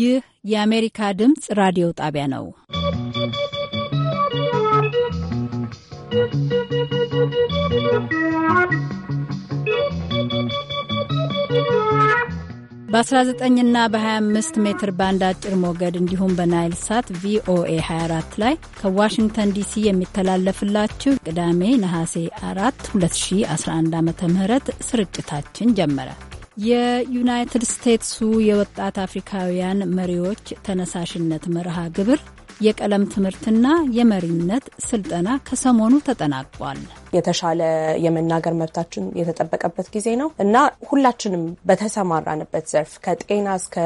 ይህ የአሜሪካ ድምፅ ራዲዮ ጣቢያ ነው። በ19 ና በ25 ሜትር ባንድ አጭር ሞገድ እንዲሁም በናይል ሳት ቪኦኤ 24 ላይ ከዋሽንግተን ዲሲ የሚተላለፍላችሁ ቅዳሜ ነሐሴ 4 2011 ዓ ም ስርጭታችን ጀመረ። የዩናይትድ ስቴትሱ የወጣት አፍሪካውያን መሪዎች ተነሳሽነት መርሃ ግብር የቀለም ትምህርትና የመሪነት ስልጠና ከሰሞኑ ተጠናቋል። የተሻለ የመናገር መብታችን የተጠበቀበት ጊዜ ነው እና ሁላችንም በተሰማራንበት ዘርፍ ከጤና እስከ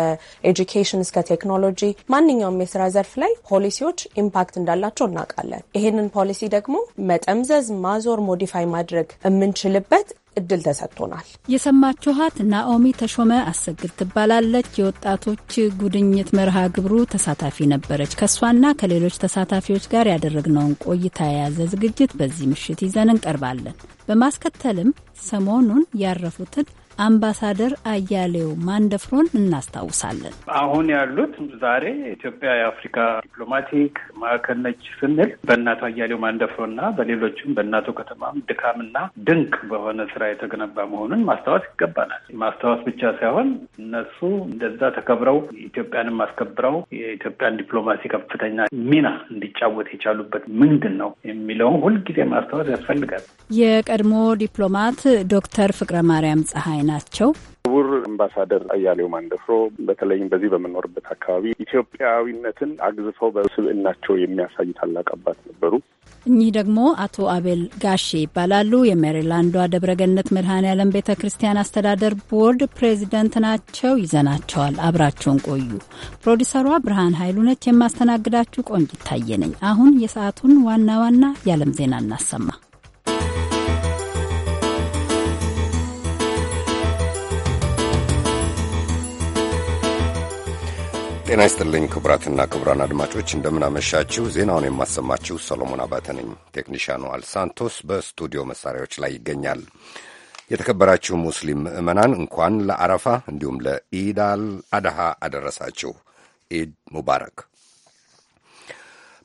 ኤጁኬሽን እስከ ቴክኖሎጂ ማንኛውም የስራ ዘርፍ ላይ ፖሊሲዎች ኢምፓክት እንዳላቸው እናውቃለን። ይህንን ፖሊሲ ደግሞ መጠምዘዝ፣ ማዞር፣ ሞዲፋይ ማድረግ የምንችልበት እድል ተሰጥቶናል። የሰማችኋት ናኦሚ ተሾመ አሰግድ ትባላለች። የወጣቶች ጉድኝት መርሃ ግብሩ ተሳታፊ ነበረች። ከእሷና ከሌሎች ተሳታፊዎች ጋር ያደረግነውን ቆይታ የያዘ ዝግጅት በዚህ ምሽት ይዘን እንቀርባለን። በማስከተልም ሰሞኑን ያረፉትን አምባሳደር አያሌው ማንደፍሮን እናስታውሳለን። አሁን ያሉት ዛሬ ኢትዮጵያ የአፍሪካ ዲፕሎማቲክ ማዕከል ነች ስንል በእናቶ አያሌው ማንደፍሮና በሌሎችም በእናቶ ከተማም ድካምና ድንቅ በሆነ ስራ የተገነባ መሆኑን ማስታወስ ይገባናል። ማስታወስ ብቻ ሳይሆን እነሱ እንደዛ ተከብረው ኢትዮጵያንም አስከብረው የኢትዮጵያን ዲፕሎማሲ ከፍተኛ ሚና እንዲጫወት የቻሉበት ምንድን ነው የሚለውን ሁልጊዜ ማስታወስ ያስፈልጋል። የቀድሞ ዲፕሎማት ዶክተር ፍቅረ ማርያም ፀሐይ ናቸው። ክቡር አምባሳደር አያሌው ማንደፍሮ በተለይም በዚህ በምኖርበት አካባቢ ኢትዮጵያዊነትን አግዝፈው በስብዕናቸው የሚያሳዩ ታላቅ አባት ነበሩ። እኚህ ደግሞ አቶ አቤል ጋሼ ይባላሉ። የሜሪላንዷ ደብረገነት መድኃኔ ዓለም ቤተ ክርስቲያን አስተዳደር ቦርድ ፕሬዚደንት ናቸው። ይዘናቸዋል። አብራቸውን ቆዩ። ፕሮዲሰሯ ብርሃን ኃይሉ ነች። የማስተናግዳችሁ ቆንጅ ይታየ አሁን የሰዓቱን ዋና ዋና የዓለም ዜና እናሰማ። ጤና ይስጥልኝ ክቡራትና ክቡራን አድማጮች እንደምናመሻችሁ። ዜናውን የማሰማችሁ ሰሎሞን አባተ ነኝ። ቴክኒሽያኑ አልሳንቶስ በስቱዲዮ መሳሪያዎች ላይ ይገኛል። የተከበራችሁ ሙስሊም ምዕመናን እንኳን ለአረፋ እንዲሁም ለኢዳል አድሃ አደረሳችሁ። ኢድ ሙባረክ።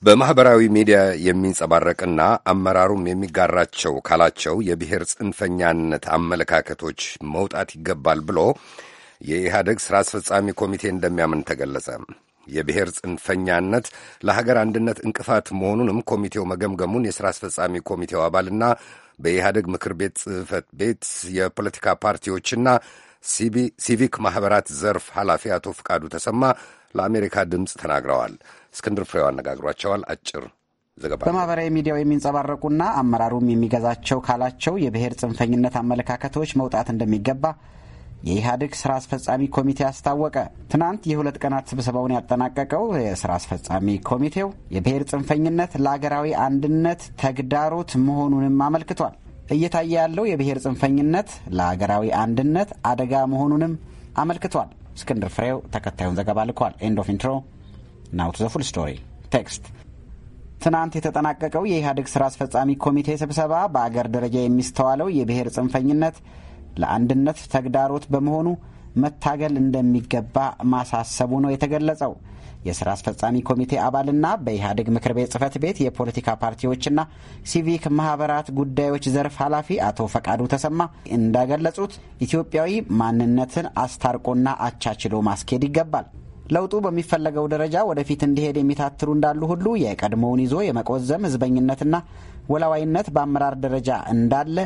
በማኅበራዊ ሚዲያ የሚንጸባረቅና አመራሩም የሚጋራቸው ካላቸው የብሔር ጽንፈኛነት አመለካከቶች መውጣት ይገባል ብሎ የኢህአደግ ሥራ አስፈጻሚ ኮሚቴ እንደሚያምን ተገለጸ። የብሔር ጽንፈኛነት ለሀገር አንድነት እንቅፋት መሆኑንም ኮሚቴው መገምገሙን የሥራ አስፈጻሚ ኮሚቴው አባልና በኢህአደግ ምክር ቤት ጽሕፈት ቤት የፖለቲካ ፓርቲዎችና ሲቪክ ማኅበራት ዘርፍ ኃላፊ አቶ ፍቃዱ ተሰማ ለአሜሪካ ድምፅ ተናግረዋል። እስክንድር ፍሬው አነጋግሯቸዋል። አጭር ዘገባ በማህበራዊ ሚዲያው የሚንጸባረቁና አመራሩም የሚገዛቸው ካላቸው የብሔር ጽንፈኝነት አመለካከቶች መውጣት እንደሚገባ የኢህአዴግ ስራ አስፈጻሚ ኮሚቴ አስታወቀ። ትናንት የሁለት ቀናት ስብሰባውን ያጠናቀቀው የስራ አስፈጻሚ ኮሚቴው የብሔር ጽንፈኝነት ለአገራዊ አንድነት ተግዳሮት መሆኑንም አመልክቷል። እየታየ ያለው የብሔር ጽንፈኝነት ለአገራዊ አንድነት አደጋ መሆኑንም አመልክቷል። እስክንድር ፍሬው ተከታዩን ዘገባ ልኳል። ኤንድ ኦፍ ኢንትሮ ናው ቱ ዘ ፉል ስቶሪ ቴክስት ትናንት የተጠናቀቀው የኢህአዴግ ስራ አስፈጻሚ ኮሚቴ ስብሰባ በአገር ደረጃ የሚስተዋለው የብሔር ጽንፈኝነት ለአንድነት ተግዳሮት በመሆኑ መታገል እንደሚገባ ማሳሰቡ ነው የተገለጸው። የስራ አስፈጻሚ ኮሚቴ አባልና በኢህአዴግ ምክር ቤት ጽህፈት ቤት የፖለቲካ ፓርቲዎችና ሲቪክ ማህበራት ጉዳዮች ዘርፍ ኃላፊ አቶ ፈቃዱ ተሰማ እንዳገለጹት ኢትዮጵያዊ ማንነትን አስታርቆና አቻችሎ ማስኬድ ይገባል። ለውጡ በሚፈለገው ደረጃ ወደፊት እንዲሄድ የሚታትሩ እንዳሉ ሁሉ የቀድሞውን ይዞ የመቆዘም ህዝበኝነትና ወላዋይነት በአመራር ደረጃ እንዳለ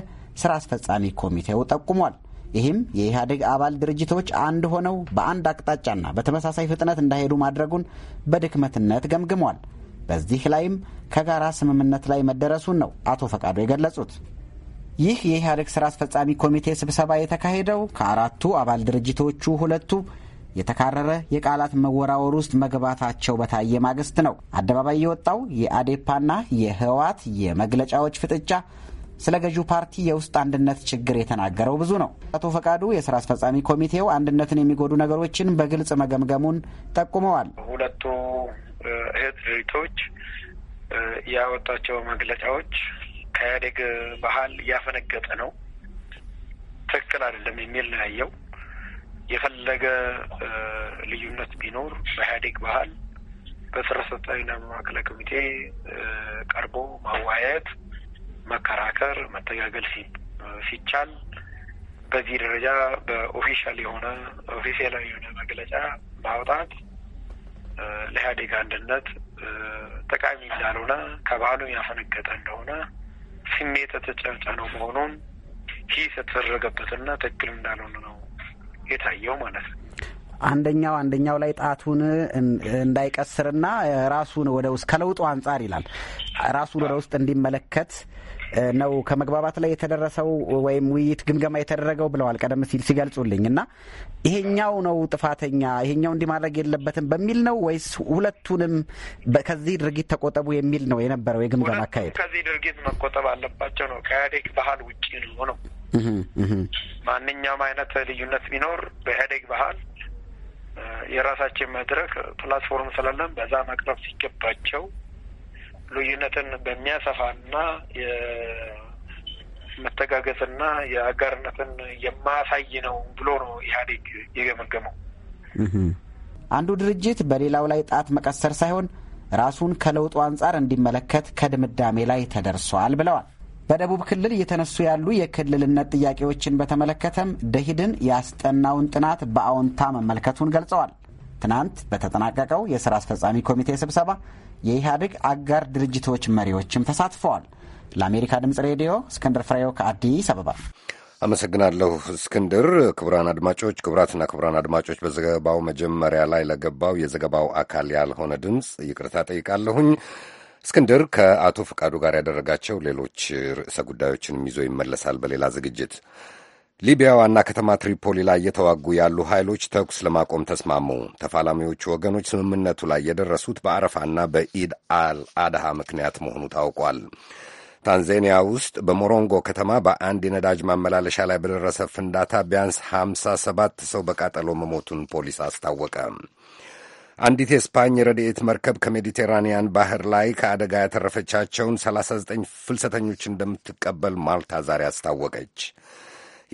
ስራ አስፈጻሚ ኮሚቴው ጠቁሟል። ይህም የኢህአዴግ አባል ድርጅቶች አንድ ሆነው በአንድ አቅጣጫና በተመሳሳይ ፍጥነት እንዳይሄዱ ማድረጉን በድክመትነት ገምግሟል። በዚህ ላይም ከጋራ ስምምነት ላይ መደረሱን ነው አቶ ፈቃዱ የገለጹት። ይህ የኢህአዴግ ስራ አስፈጻሚ ኮሚቴ ስብሰባ የተካሄደው ከአራቱ አባል ድርጅቶቹ ሁለቱ የተካረረ የቃላት መወራወር ውስጥ መግባታቸው በታየ ማግስት ነው። አደባባይ የወጣው የአዴፓና የህወሓት የመግለጫዎች ፍጥጫ ስለ ገዢው ፓርቲ የውስጥ አንድነት ችግር የተናገረው ብዙ ነው። አቶ ፈቃዱ የስራ አስፈጻሚ ኮሚቴው አንድነትን የሚጎዱ ነገሮችን በግልጽ መገምገሙን ጠቁመዋል። ሁለቱ እህት ድርጅቶች ያወጣቸው መግለጫዎች ከኢህአዴግ ባህል እያፈነገጠ ነው፣ ትክክል አይደለም የሚል ነው ያየው። የፈለገ ልዩነት ቢኖር በኢህአዴግ ባህል በስራ አስፈጻሚና ማዕከላዊ ኮሚቴ ቀርቦ ማዋየት መከራከር፣ መተጋገል ሲቻል በዚህ ደረጃ በኦፊሻል የሆነ ኦፊሴላዊ የሆነ መግለጫ ማውጣት ለኢህአዴግ አንድነት ጠቃሚ እንዳልሆነ ከባህሉ ያፈነገጠ እንደሆነ ስሜት ነው መሆኑን ሂስ የተደረገበትና ትክክል እንዳልሆነ ነው የታየው ማለት ነው። አንደኛው አንደኛው ላይ ጣቱን እንዳይቀስርና ራሱን ወደ ውስጥ ከለውጡ አንጻር ይላል ራሱን ወደ ውስጥ እንዲመለከት ነው ከመግባባት ላይ የተደረሰው ወይም ውይይት ግምገማ የተደረገው ብለዋል ቀደም ሲል ሲገልጹልኝ። እና ይሄኛው ነው ጥፋተኛ፣ ይሄኛው እንዲህ ማድረግ የለበትም በሚል ነው ወይስ ሁለቱንም ከዚህ ድርጊት ተቆጠቡ የሚል ነው የነበረው የግምገማ አካሄድ? ከዚህ ድርጊት መቆጠብ አለባቸው ነው። ከኢህአዴግ ባህል ውጭ ነው ነው ማንኛውም አይነት ልዩነት ቢኖር በኢህአዴግ ባህል የራሳችን መድረክ ፕላትፎርም ስላለን በዛ መቅረብ ሲገባቸው ልዩነትን በሚያሰፋና የመተጋገዝና የአጋርነትን የማያሳይ ነው ብሎ ነው ኢህአዴግ የገመገመው። አንዱ ድርጅት በሌላው ላይ ጣት መቀሰር ሳይሆን ራሱን ከለውጡ አንጻር እንዲመለከት ከድምዳሜ ላይ ተደርሷል ብለዋል። በደቡብ ክልል እየተነሱ ያሉ የክልልነት ጥያቄዎችን በተመለከተም ደሂድን ያስጠናውን ጥናት በአዎንታ መመልከቱን ገልጸዋል። ትናንት በተጠናቀቀው የሥራ አስፈጻሚ ኮሚቴ ስብሰባ የኢህአዴግ አጋር ድርጅቶች መሪዎችም ተሳትፈዋል። ለአሜሪካ ድምፅ ሬዲዮ እስክንድር ፍሬው ከአዲስ አበባ አመሰግናለሁ እስክንድር። ክቡራን አድማጮች፣ ክቡራትና ክቡራን አድማጮች በዘገባው መጀመሪያ ላይ ለገባው የዘገባው አካል ያልሆነ ድምፅ ይቅርታ ጠይቃለሁኝ። እስክንድር ከአቶ ፍቃዱ ጋር ያደረጋቸው ሌሎች ርዕሰ ጉዳዮችንም ይዞ ይመለሳል በሌላ ዝግጅት። ሊቢያ ዋና ከተማ ትሪፖሊ ላይ እየተዋጉ ያሉ ኃይሎች ተኩስ ለማቆም ተስማሙ። ተፋላሚዎቹ ወገኖች ስምምነቱ ላይ የደረሱት በአረፋና በኢድ አል አድሃ ምክንያት መሆኑ ታውቋል። ታንዛኒያ ውስጥ በሞሮንጎ ከተማ በአንድ የነዳጅ ማመላለሻ ላይ በደረሰ ፍንዳታ ቢያንስ ሃምሳ ሰባት ሰው በቃጠሎ መሞቱን ፖሊስ አስታወቀ። አንዲት የስፓኝ ረድኤት መርከብ ከሜዲቴራንያን ባህር ላይ ከአደጋ ያተረፈቻቸውን 39 ፍልሰተኞች እንደምትቀበል ማልታ ዛሬ አስታወቀች።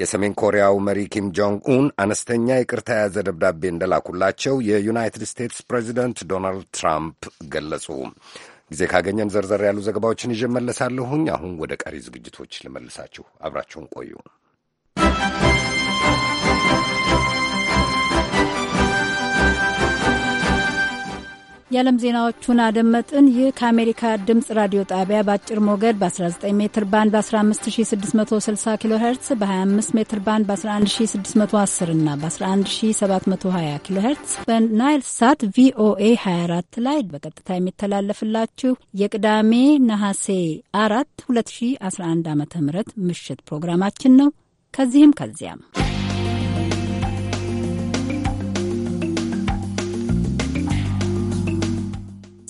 የሰሜን ኮሪያው መሪ ኪም ጆንግ ኡን አነስተኛ ይቅርታ የያዘ ደብዳቤ እንደላኩላቸው የዩናይትድ ስቴትስ ፕሬዚደንት ዶናልድ ትራምፕ ገለጹ። ጊዜ ካገኘን ዘርዘር ያሉ ዘገባዎችን ይዤ መለሳለሁኝ። አሁን ወደ ቀሪ ዝግጅቶች ልመልሳችሁ፣ አብራችሁን ቆዩ። የዓለም ዜናዎቹን አደመጥን። ይህ ከአሜሪካ ድምፅ ራዲዮ ጣቢያ በአጭር ሞገድ በ19 ሜትር ባንድ በ15660 ኪሎ ሄርትስ በ25 ሜትር ባንድ በ11610 እና በ11720 ኪሎ ሄርትስ በናይል ሳት ቪኦኤ 24 ላይ በቀጥታ የሚተላለፍላችሁ የቅዳሜ ነሐሴ አራት 2011 ዓ ም ምሽት ፕሮግራማችን ነው። ከዚህም ከዚያም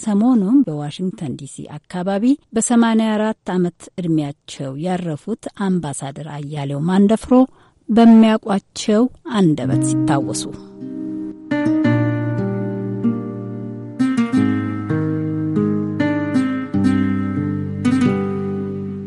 ሰሞኑን በዋሽንግተን ዲሲ አካባቢ በ84 ዓመት ዕድሜያቸው ያረፉት አምባሳደር አያሌው ማንደፍሮ በሚያውቋቸው አንደበት ሲታወሱ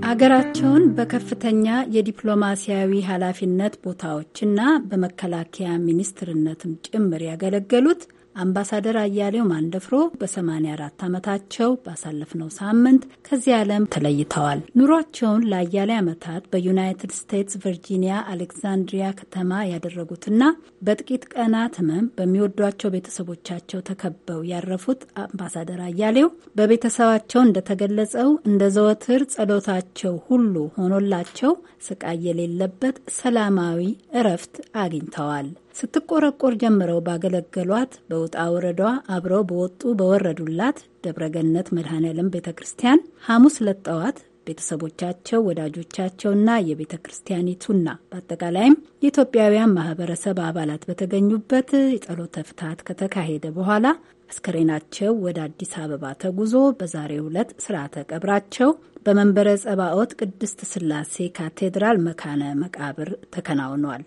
ሀገራቸውን በከፍተኛ የዲፕሎማሲያዊ ኃላፊነት ቦታዎችና በመከላከያ ሚኒስትርነትም ጭምር ያገለገሉት አምባሳደር አያሌው ማንደፍሮ በ84 ዓመታቸው ባሳለፍነው ሳምንት ከዚህ ዓለም ተለይተዋል። ኑሯቸውን ለአያሌ ዓመታት በዩናይትድ ስቴትስ ቨርጂኒያ አሌክዛንድሪያ ከተማ ያደረጉትና በጥቂት ቀናት ህመም በሚወዷቸው ቤተሰቦቻቸው ተከበው ያረፉት አምባሳደር አያሌው በቤተሰባቸው እንደተገለጸው እንደ ዘወትር ጸሎታቸው ሁሉ ሆኖላቸው ስቃይ የሌለበት ሰላማዊ እረፍት አግኝተዋል። ስትቆረቆር ጀምረው ባገለገሏት በውጣ ወረዷ አብረው በወጡ በወረዱላት ደብረገነት መድኃኔዓለም ቤተ ክርስቲያን ሐሙስ ለጠዋት ቤተሰቦቻቸው፣ ወዳጆቻቸውና የቤተ ክርስቲያኒቱና በአጠቃላይም የኢትዮጵያውያን ማህበረሰብ አባላት በተገኙበት የጸሎተ ፍትሐት ከተካሄደ በኋላ አስከሬናቸው ወደ አዲስ አበባ ተጉዞ በዛሬው ዕለት ስርዓተ ቀብራቸው በመንበረ ጸባኦት ቅድስት ስላሴ ካቴድራል መካነ መቃብር ተከናውኗል።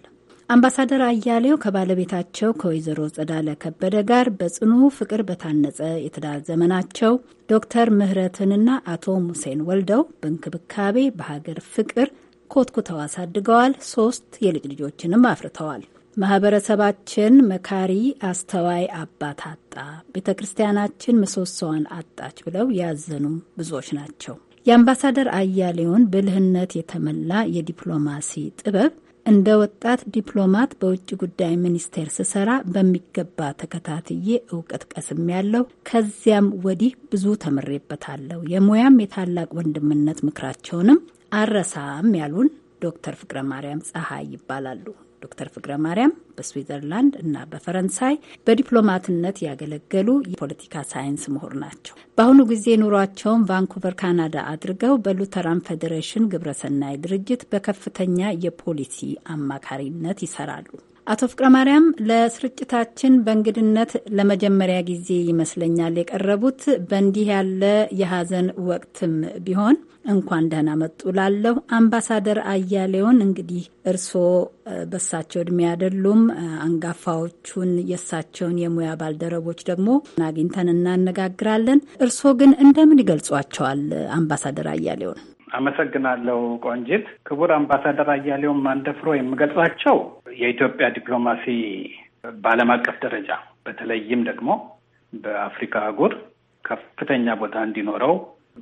አምባሳደር አያሌው ከባለቤታቸው ከወይዘሮ ጸዳለ ከበደ ጋር በጽኑ ፍቅር በታነጸ የትዳር ዘመናቸው ዶክተር ምህረትንና አቶ ሙሴን ወልደው በእንክብካቤ በሀገር ፍቅር ኮትኩተው አሳድገዋል። ሶስት የልጅ ልጆችንም አፍርተዋል። ማህበረሰባችን መካሪ አስተዋይ አባት አጣ፣ ቤተ ክርስቲያናችን ምሰሶዋን አጣች ብለው ያዘኑ ብዙዎች ናቸው። የአምባሳደር አያሌውን ብልህነት የተሞላ የዲፕሎማሲ ጥበብ እንደ ወጣት ዲፕሎማት በውጭ ጉዳይ ሚኒስቴር ስሰራ በሚገባ ተከታትዬ እውቀት ቀስም ያለው ከዚያም ወዲህ ብዙ ተምሬበታለሁ። የሙያም የታላቅ ወንድምነት ምክራቸውንም አረሳም ያሉን ዶክተር ፍቅረ ማርያም ፀሐይ ይባላሉ። ዶክተር ፍቅረ ማርያም በስዊዘርላንድ እና በፈረንሳይ በዲፕሎማትነት ያገለገሉ የፖለቲካ ሳይንስ ምሁር ናቸው። በአሁኑ ጊዜ ኑሯቸውን ቫንኩቨር ካናዳ አድርገው በሉተራን ፌዴሬሽን ግብረሰናይ ድርጅት በከፍተኛ የፖሊሲ አማካሪነት ይሰራሉ። አቶ ፍቅረ ማርያም ለስርጭታችን በእንግድነት ለመጀመሪያ ጊዜ ይመስለኛል የቀረቡት። በእንዲህ ያለ የሀዘን ወቅትም ቢሆን እንኳን ደህና መጡ ላለሁ አምባሳደር አያሌውን እንግዲህ እርስዎ በሳቸው እድሜ አይደሉም፣ አንጋፋዎቹን የእሳቸውን የሙያ ባልደረቦች ደግሞ አግኝተን እናነጋግራለን። እርስዎ ግን እንደምን ይገልጿቸዋል አምባሳደር አያሌውን? አመሰግናለሁ ቆንጂት። ክቡር አምባሳደር አያሌውም ማንደፍሮ የምገልጻቸው የኢትዮጵያ ዲፕሎማሲ በዓለም አቀፍ ደረጃ በተለይም ደግሞ በአፍሪካ አህጉር ከፍተኛ ቦታ እንዲኖረው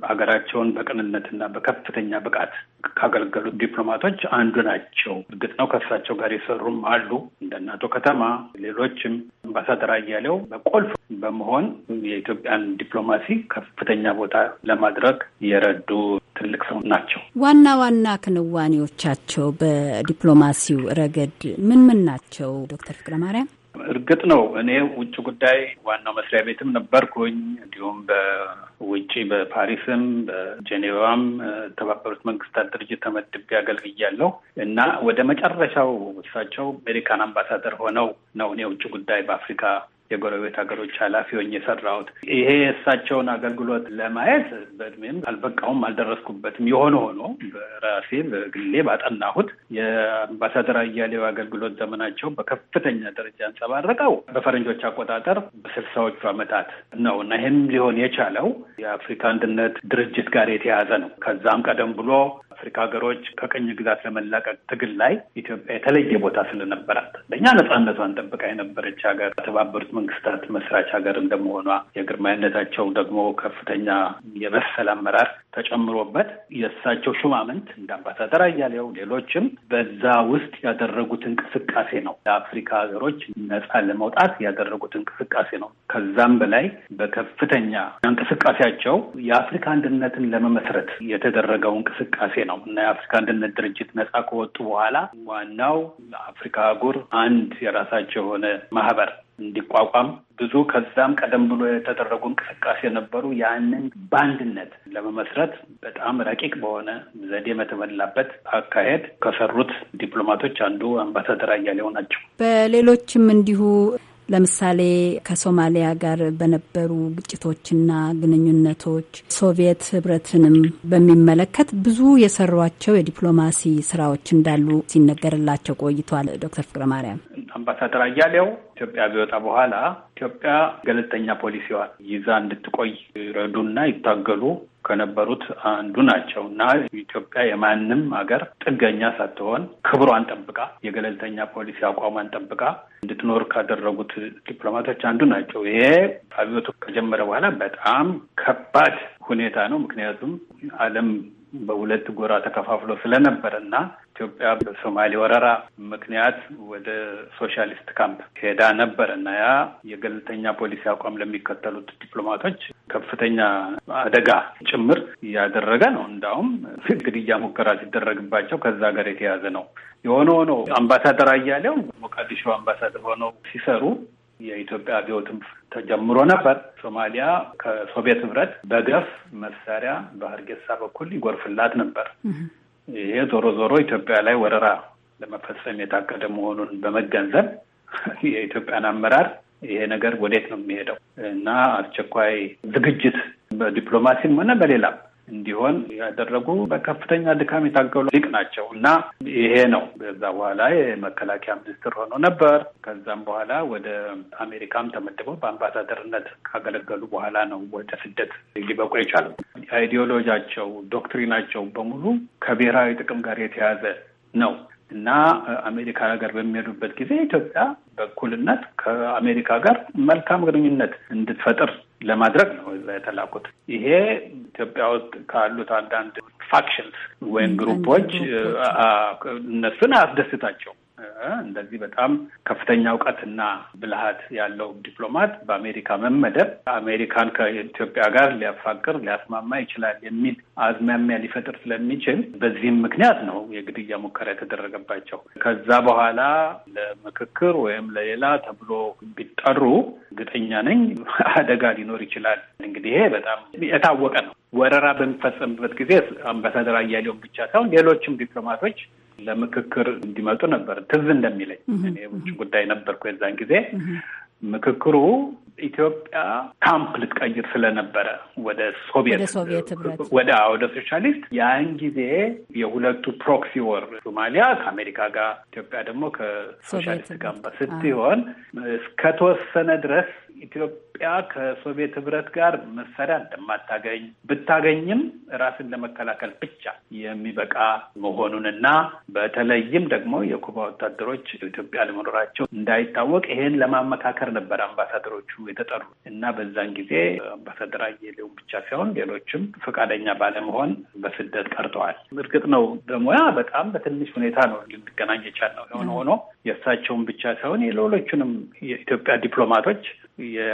ሀገራቸውን በቅንነትና በከፍተኛ ብቃት ካገለገሉ ዲፕሎማቶች አንዱ ናቸው። እርግጥ ነው ከእሳቸው ጋር የሰሩም አሉ እንደ አቶ ከተማ፣ ሌሎችም አምባሳደር አያሌው በቁልፍ በመሆን የኢትዮጵያን ዲፕሎማሲ ከፍተኛ ቦታ ለማድረግ የረዱ ትልቅ ሰው ናቸው። ዋና ዋና ክንዋኔዎቻቸው በዲፕሎማሲው ረገድ ምን ምን ናቸው ዶክተር ፍቅረ ማርያም? እርግጥ ነው እኔ ውጭ ጉዳይ ዋናው መስሪያ ቤትም ነበርኩኝ። እንዲሁም በውጭ በፓሪስም በጄኔቫም የተባበሩት መንግስታት ድርጅት ተመድቤ አገልግያለሁ እና ወደ መጨረሻው እሳቸው አሜሪካን አምባሳደር ሆነው ነው እኔ ውጭ ጉዳይ በአፍሪካ የጎረቤት ሀገሮች ኃላፊ ሆኜ የሰራሁት ይሄ የእሳቸውን አገልግሎት ለማየት በእድሜም አልበቃውም አልደረስኩበትም። የሆነ ሆኖ በራሴ በግሌ ባጠናሁት የአምባሳደር አያሌው አገልግሎት ዘመናቸው በከፍተኛ ደረጃ ያንጸባረቀው በፈረንጆች አቆጣጠር በስልሳዎቹ ዓመታት ነው እና ይህም ሊሆን የቻለው የአፍሪካ አንድነት ድርጅት ጋር የተያያዘ ነው። ከዛም ቀደም ብሎ አፍሪካ ሀገሮች ከቅኝ ግዛት ለመላቀቅ ትግል ላይ ኢትዮጵያ የተለየ ቦታ ስለነበራት በእኛ ነጻነቷን ጠብቃ የነበረች ሀገር የተባበሩት መንግስታት መስራች ሀገር እንደመሆኗ የግርማዊነታቸው ደግሞ ከፍተኛ የበሰለ አመራር ተጨምሮበት የእሳቸው ሹማምንት እንደ አምባሳደር አያሌው ሌሎችም በዛ ውስጥ ያደረጉት እንቅስቃሴ ነው። ለአፍሪካ ሀገሮች ነጻ ለመውጣት ያደረጉት እንቅስቃሴ ነው። ከዛም በላይ በከፍተኛ እንቅስቃሴያቸው የአፍሪካ አንድነትን ለመመስረት የተደረገው እንቅስቃሴ ነው እና የአፍሪካ አንድነት ድርጅት ነጻ ከወጡ በኋላ ዋናው አፍሪካ አህጉር አንድ የራሳቸው የሆነ ማህበር እንዲቋቋም ብዙ ከዛም ቀደም ብሎ የተደረጉ እንቅስቃሴ የነበሩ ያንን በአንድነት ለመመስረት በጣም ረቂቅ በሆነ ዘዴ በተሞላበት አካሄድ ከሰሩት ዲፕሎማቶች አንዱ አምባሳደር አያሌው ናቸው። በሌሎችም እንዲሁ ለምሳሌ ከሶማሊያ ጋር በነበሩ ግጭቶችና ግንኙነቶች ሶቪየት ህብረትንም በሚመለከት ብዙ የሰሯቸው የዲፕሎማሲ ስራዎች እንዳሉ ሲነገርላቸው ቆይቷል። ዶክተር ፍቅረ ማርያም አምባሳደር አያሌው ኢትዮጵያ ቢወጣ በኋላ ኢትዮጵያ ገለልተኛ ፖሊሲዋን ይዛ እንድትቆይ ይረዱና ይታገሉ ከነበሩት አንዱ ናቸው እና ኢትዮጵያ የማንም ሀገር ጥገኛ ሳትሆን ክብሯን ጠብቃ የገለልተኛ ፖሊሲ አቋሟን ጠብቃ እንድትኖር ካደረጉት ዲፕሎማቶች አንዱ ናቸው። ይሄ አብዮቱ ከጀመረ በኋላ በጣም ከባድ ሁኔታ ነው። ምክንያቱም ዓለም በሁለት ጎራ ተከፋፍሎ ስለነበረ እና ኢትዮጵያ በሶማሌ ወረራ ምክንያት ወደ ሶሻሊስት ካምፕ ሄዳ ነበር እና ያ የገለልተኛ ፖሊሲ አቋም ለሚከተሉት ዲፕሎማቶች ከፍተኛ አደጋ ጭምር እያደረገ ነው። እንዳውም ግድያ ሙከራ ሲደረግባቸው ከዛ ጋር የተያዘ ነው። የሆነ ሆኖ አምባሳደር አያሌው ሞቃዲሾ አምባሳደር ሆነው ሲሰሩ የኢትዮጵያ አብዮትም ተጀምሮ ነበር። ሶማሊያ ከሶቪየት ህብረት በገፍ መሳሪያ በሀርጌሳ በኩል ይጎርፍላት ነበር። ይሄ ዞሮ ዞሮ ኢትዮጵያ ላይ ወረራ ለመፈጸም የታቀደ መሆኑን በመገንዘብ የኢትዮጵያን አመራር ይሄ ነገር ወዴት ነው የሚሄደው እና አስቸኳይ ዝግጅት በዲፕሎማሲም ሆነ በሌላም እንዲሆን ያደረጉ በከፍተኛ ድካም የታገሉ ሊቅ ናቸው እና ይሄ ነው። ከዛ በኋላ የመከላከያ ሚኒስትር ሆኖ ነበር። ከዛም በኋላ ወደ አሜሪካም ተመድበው በአምባሳደርነት ካገለገሉ በኋላ ነው ወደ ስደት ሊበቁ የቻሉ። አይዲዮሎጂያቸው፣ ዶክትሪናቸው በሙሉ ከብሔራዊ ጥቅም ጋር የተያዘ ነው እና አሜሪካ ሀገር በሚሄዱበት ጊዜ ኢትዮጵያ በእኩልነት ከአሜሪካ ጋር መልካም ግንኙነት እንድትፈጥር ለማድረግ ነው እዛ የተላኩት። ይሄ ኢትዮጵያ ውስጥ ካሉት አንዳንድ ፋክሽንስ ወይም ግሩፖች እነሱን አያስደስታቸውም። እንደዚህ በጣም ከፍተኛ እውቀትና ብልሃት ያለው ዲፕሎማት በአሜሪካ መመደብ አሜሪካን ከኢትዮጵያ ጋር ሊያፋቅር ሊያስማማ ይችላል የሚል አዝማሚያ ሊፈጥር ስለሚችል በዚህም ምክንያት ነው የግድያ ሙከራ የተደረገባቸው። ከዛ በኋላ ለምክክር ወይም ለሌላ ተብሎ ቢጠሩ እርግጠኛ ነኝ አደጋ ሊኖር ይችላል። እንግዲህ ይሄ በጣም የታወቀ ነው። ወረራ በሚፈጸምበት ጊዜ አምባሳደር አያሌውን ብቻ ሳይሆን ሌሎችም ዲፕሎማቶች ለምክክር እንዲመጡ ነበር። ትዝ እንደሚለኝ እኔ ውጭ ጉዳይ ነበርኩ የዛን ጊዜ ምክክሩ ኢትዮጵያ ካምፕ ልትቀይር ስለነበረ ወደ ሶቪየት ወደ ወደ ሶሻሊስት ያን ጊዜ የሁለቱ ፕሮክሲ ወር ሶማሊያ ከአሜሪካ ጋር ኢትዮጵያ ደግሞ ከሶሻሊስት ጋር ስትሆን እስከተወሰነ ድረስ ኢትዮጵያ ከሶቪየት ህብረት ጋር መሳሪያ እንደማታገኝ ብታገኝም ራስን ለመከላከል ብቻ የሚበቃ መሆኑንና በተለይም ደግሞ የኩባ ወታደሮች ኢትዮጵያ ለመኖራቸው እንዳይታወቅ ይሄን ለማመካከል ጋር ነበር አምባሳደሮቹ የተጠሩ እና በዛን ጊዜ አምባሳደር አየሌው ብቻ ሳይሆን ሌሎችም ፈቃደኛ ባለመሆን በስደት ቀርተዋል። እርግጥ ነው በሙያ በጣም በትንሽ ሁኔታ ነው ልንገናኝ የቻልነው። የሆነ ሆኖ የእሳቸውን ብቻ ሳይሆን የሌሎቹንም የኢትዮጵያ ዲፕሎማቶች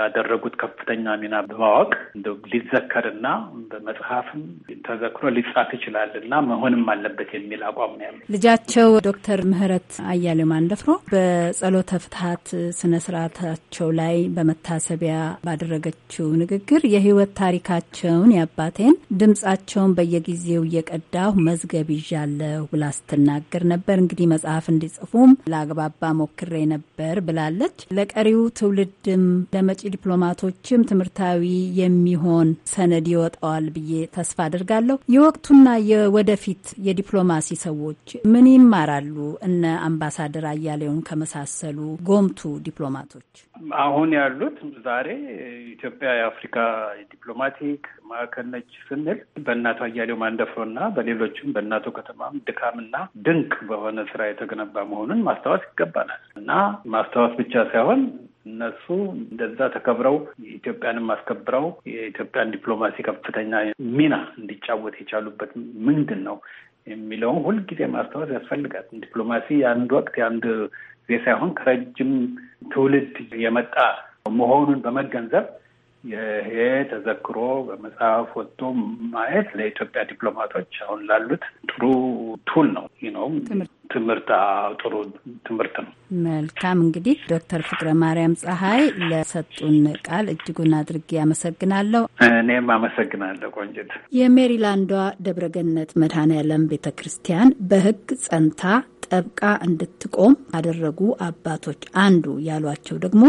ያደረጉት ከፍተኛ ሚና በማወቅ እንደው ሊዘከርና በመጽሐፍም ተዘክሮ ሊጻፍ ይችላል እና መሆንም አለበት የሚል አቋም ነው ያለ ልጃቸው ዶክተር ምህረት አያሌው ማንደፍሮ በጸሎተ ፍትሀት ስነ ስርዓታቸው ላይ በመታሰቢያ ባደረገችው ንግግር የህይወት ታሪካቸውን ያባቴን ድምጻቸውን በየጊዜው እየቀዳሁ መዝገብ ይዣለሁ ብላ ስትናገር ነበር። እንግዲህ መጽሐፍ እንዲጽፉም ለአግባባ ሞክሬ ነበር ብላለች። ለቀሪው ትውልድም ለመጪ ዲፕሎማቶችም ትምህርታዊ የሚሆን ሰነድ ይወጣዋል ብዬ ተስፋ አድርጋለሁ። የወቅቱና የወደፊት የዲፕሎማሲ ሰዎች ምን ይማራሉ? እነ አምባሳደር አያሌውን ከመሳሰሉ ጎምቱ ዲፕሎማቶች አሁን ያሉት ዛሬ ኢትዮጵያ የአፍሪካ ዲፕሎማቲክ ማዕከል ነች ስንል በእናቶ አያሌው ማንደፍሮ በሌሎችም በእናቶ ከተማም ድካምና ድንቅ በሆነ ስራ የተገነባ መሆኑን ማስታወስ ይገባናል እና ማስታወስ ብቻ ሳይሆን እነሱ እንደዛ ተከብረው ኢትዮጵያንም አስከብረው የኢትዮጵያን ዲፕሎማሲ ከፍተኛ ሚና እንዲጫወት የቻሉበት ምንድን ነው የሚለውን ሁልጊዜ ማስታወስ ያስፈልጋል። ዲፕሎማሲ የአንድ ወቅት የአንድ ጊዜ ሳይሆን ከረጅም ትውልድ የመጣ መሆኑን በመገንዘብ ይሄ ተዘክሮ በመጽሐፍ ወጥቶ ማየት ለኢትዮጵያ ዲፕሎማቶች አሁን ላሉት ጥሩ ቱል ነው ነው ትምህርት ጥሩ ትምህርት ነው። መልካም እንግዲህ ዶክተር ፍቅረ ማርያም ፀሐይ ለሰጡን ቃል እጅጉን አድርጌ አመሰግናለሁ። እኔም አመሰግናለሁ ቆንጅት። የሜሪላንዷ ደብረገነት መድኃኔዓለም ቤተ ክርስቲያን በህግ ጸንታ ጠብቃ እንድትቆም ካደረጉ አባቶች አንዱ ያሏቸው ደግሞ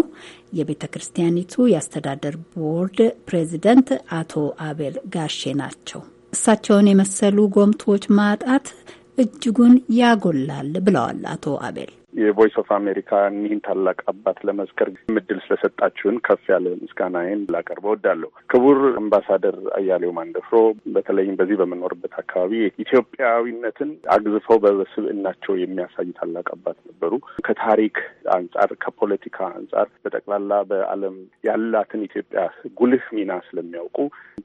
የቤተ ክርስቲያኒቱ የአስተዳደር ቦርድ ፕሬዚደንት አቶ አቤል ጋሼ ናቸው። እሳቸውን የመሰሉ ጎምቶች ማጣት እጅጉን ያጎላል ብለዋል አቶ አቤል። የቮይስ ኦፍ አሜሪካ እኒህን ታላቅ አባት ለመዝከር ምድል ስለሰጣችሁን ከፍ ያለ ምስጋናዬን ላቀርበ ወዳለሁ። ክቡር አምባሳደር አያሌው ማንደፍሮ በተለይም በዚህ በምኖርበት አካባቢ ኢትዮጵያዊነትን አግዝፈው በስብዕናቸው የሚያሳይ ታላቅ አባት ነበሩ። ከታሪክ አንጻር፣ ከፖለቲካ አንጻር በጠቅላላ በዓለም ያላትን ኢትዮጵያ ጉልህ ሚና ስለሚያውቁ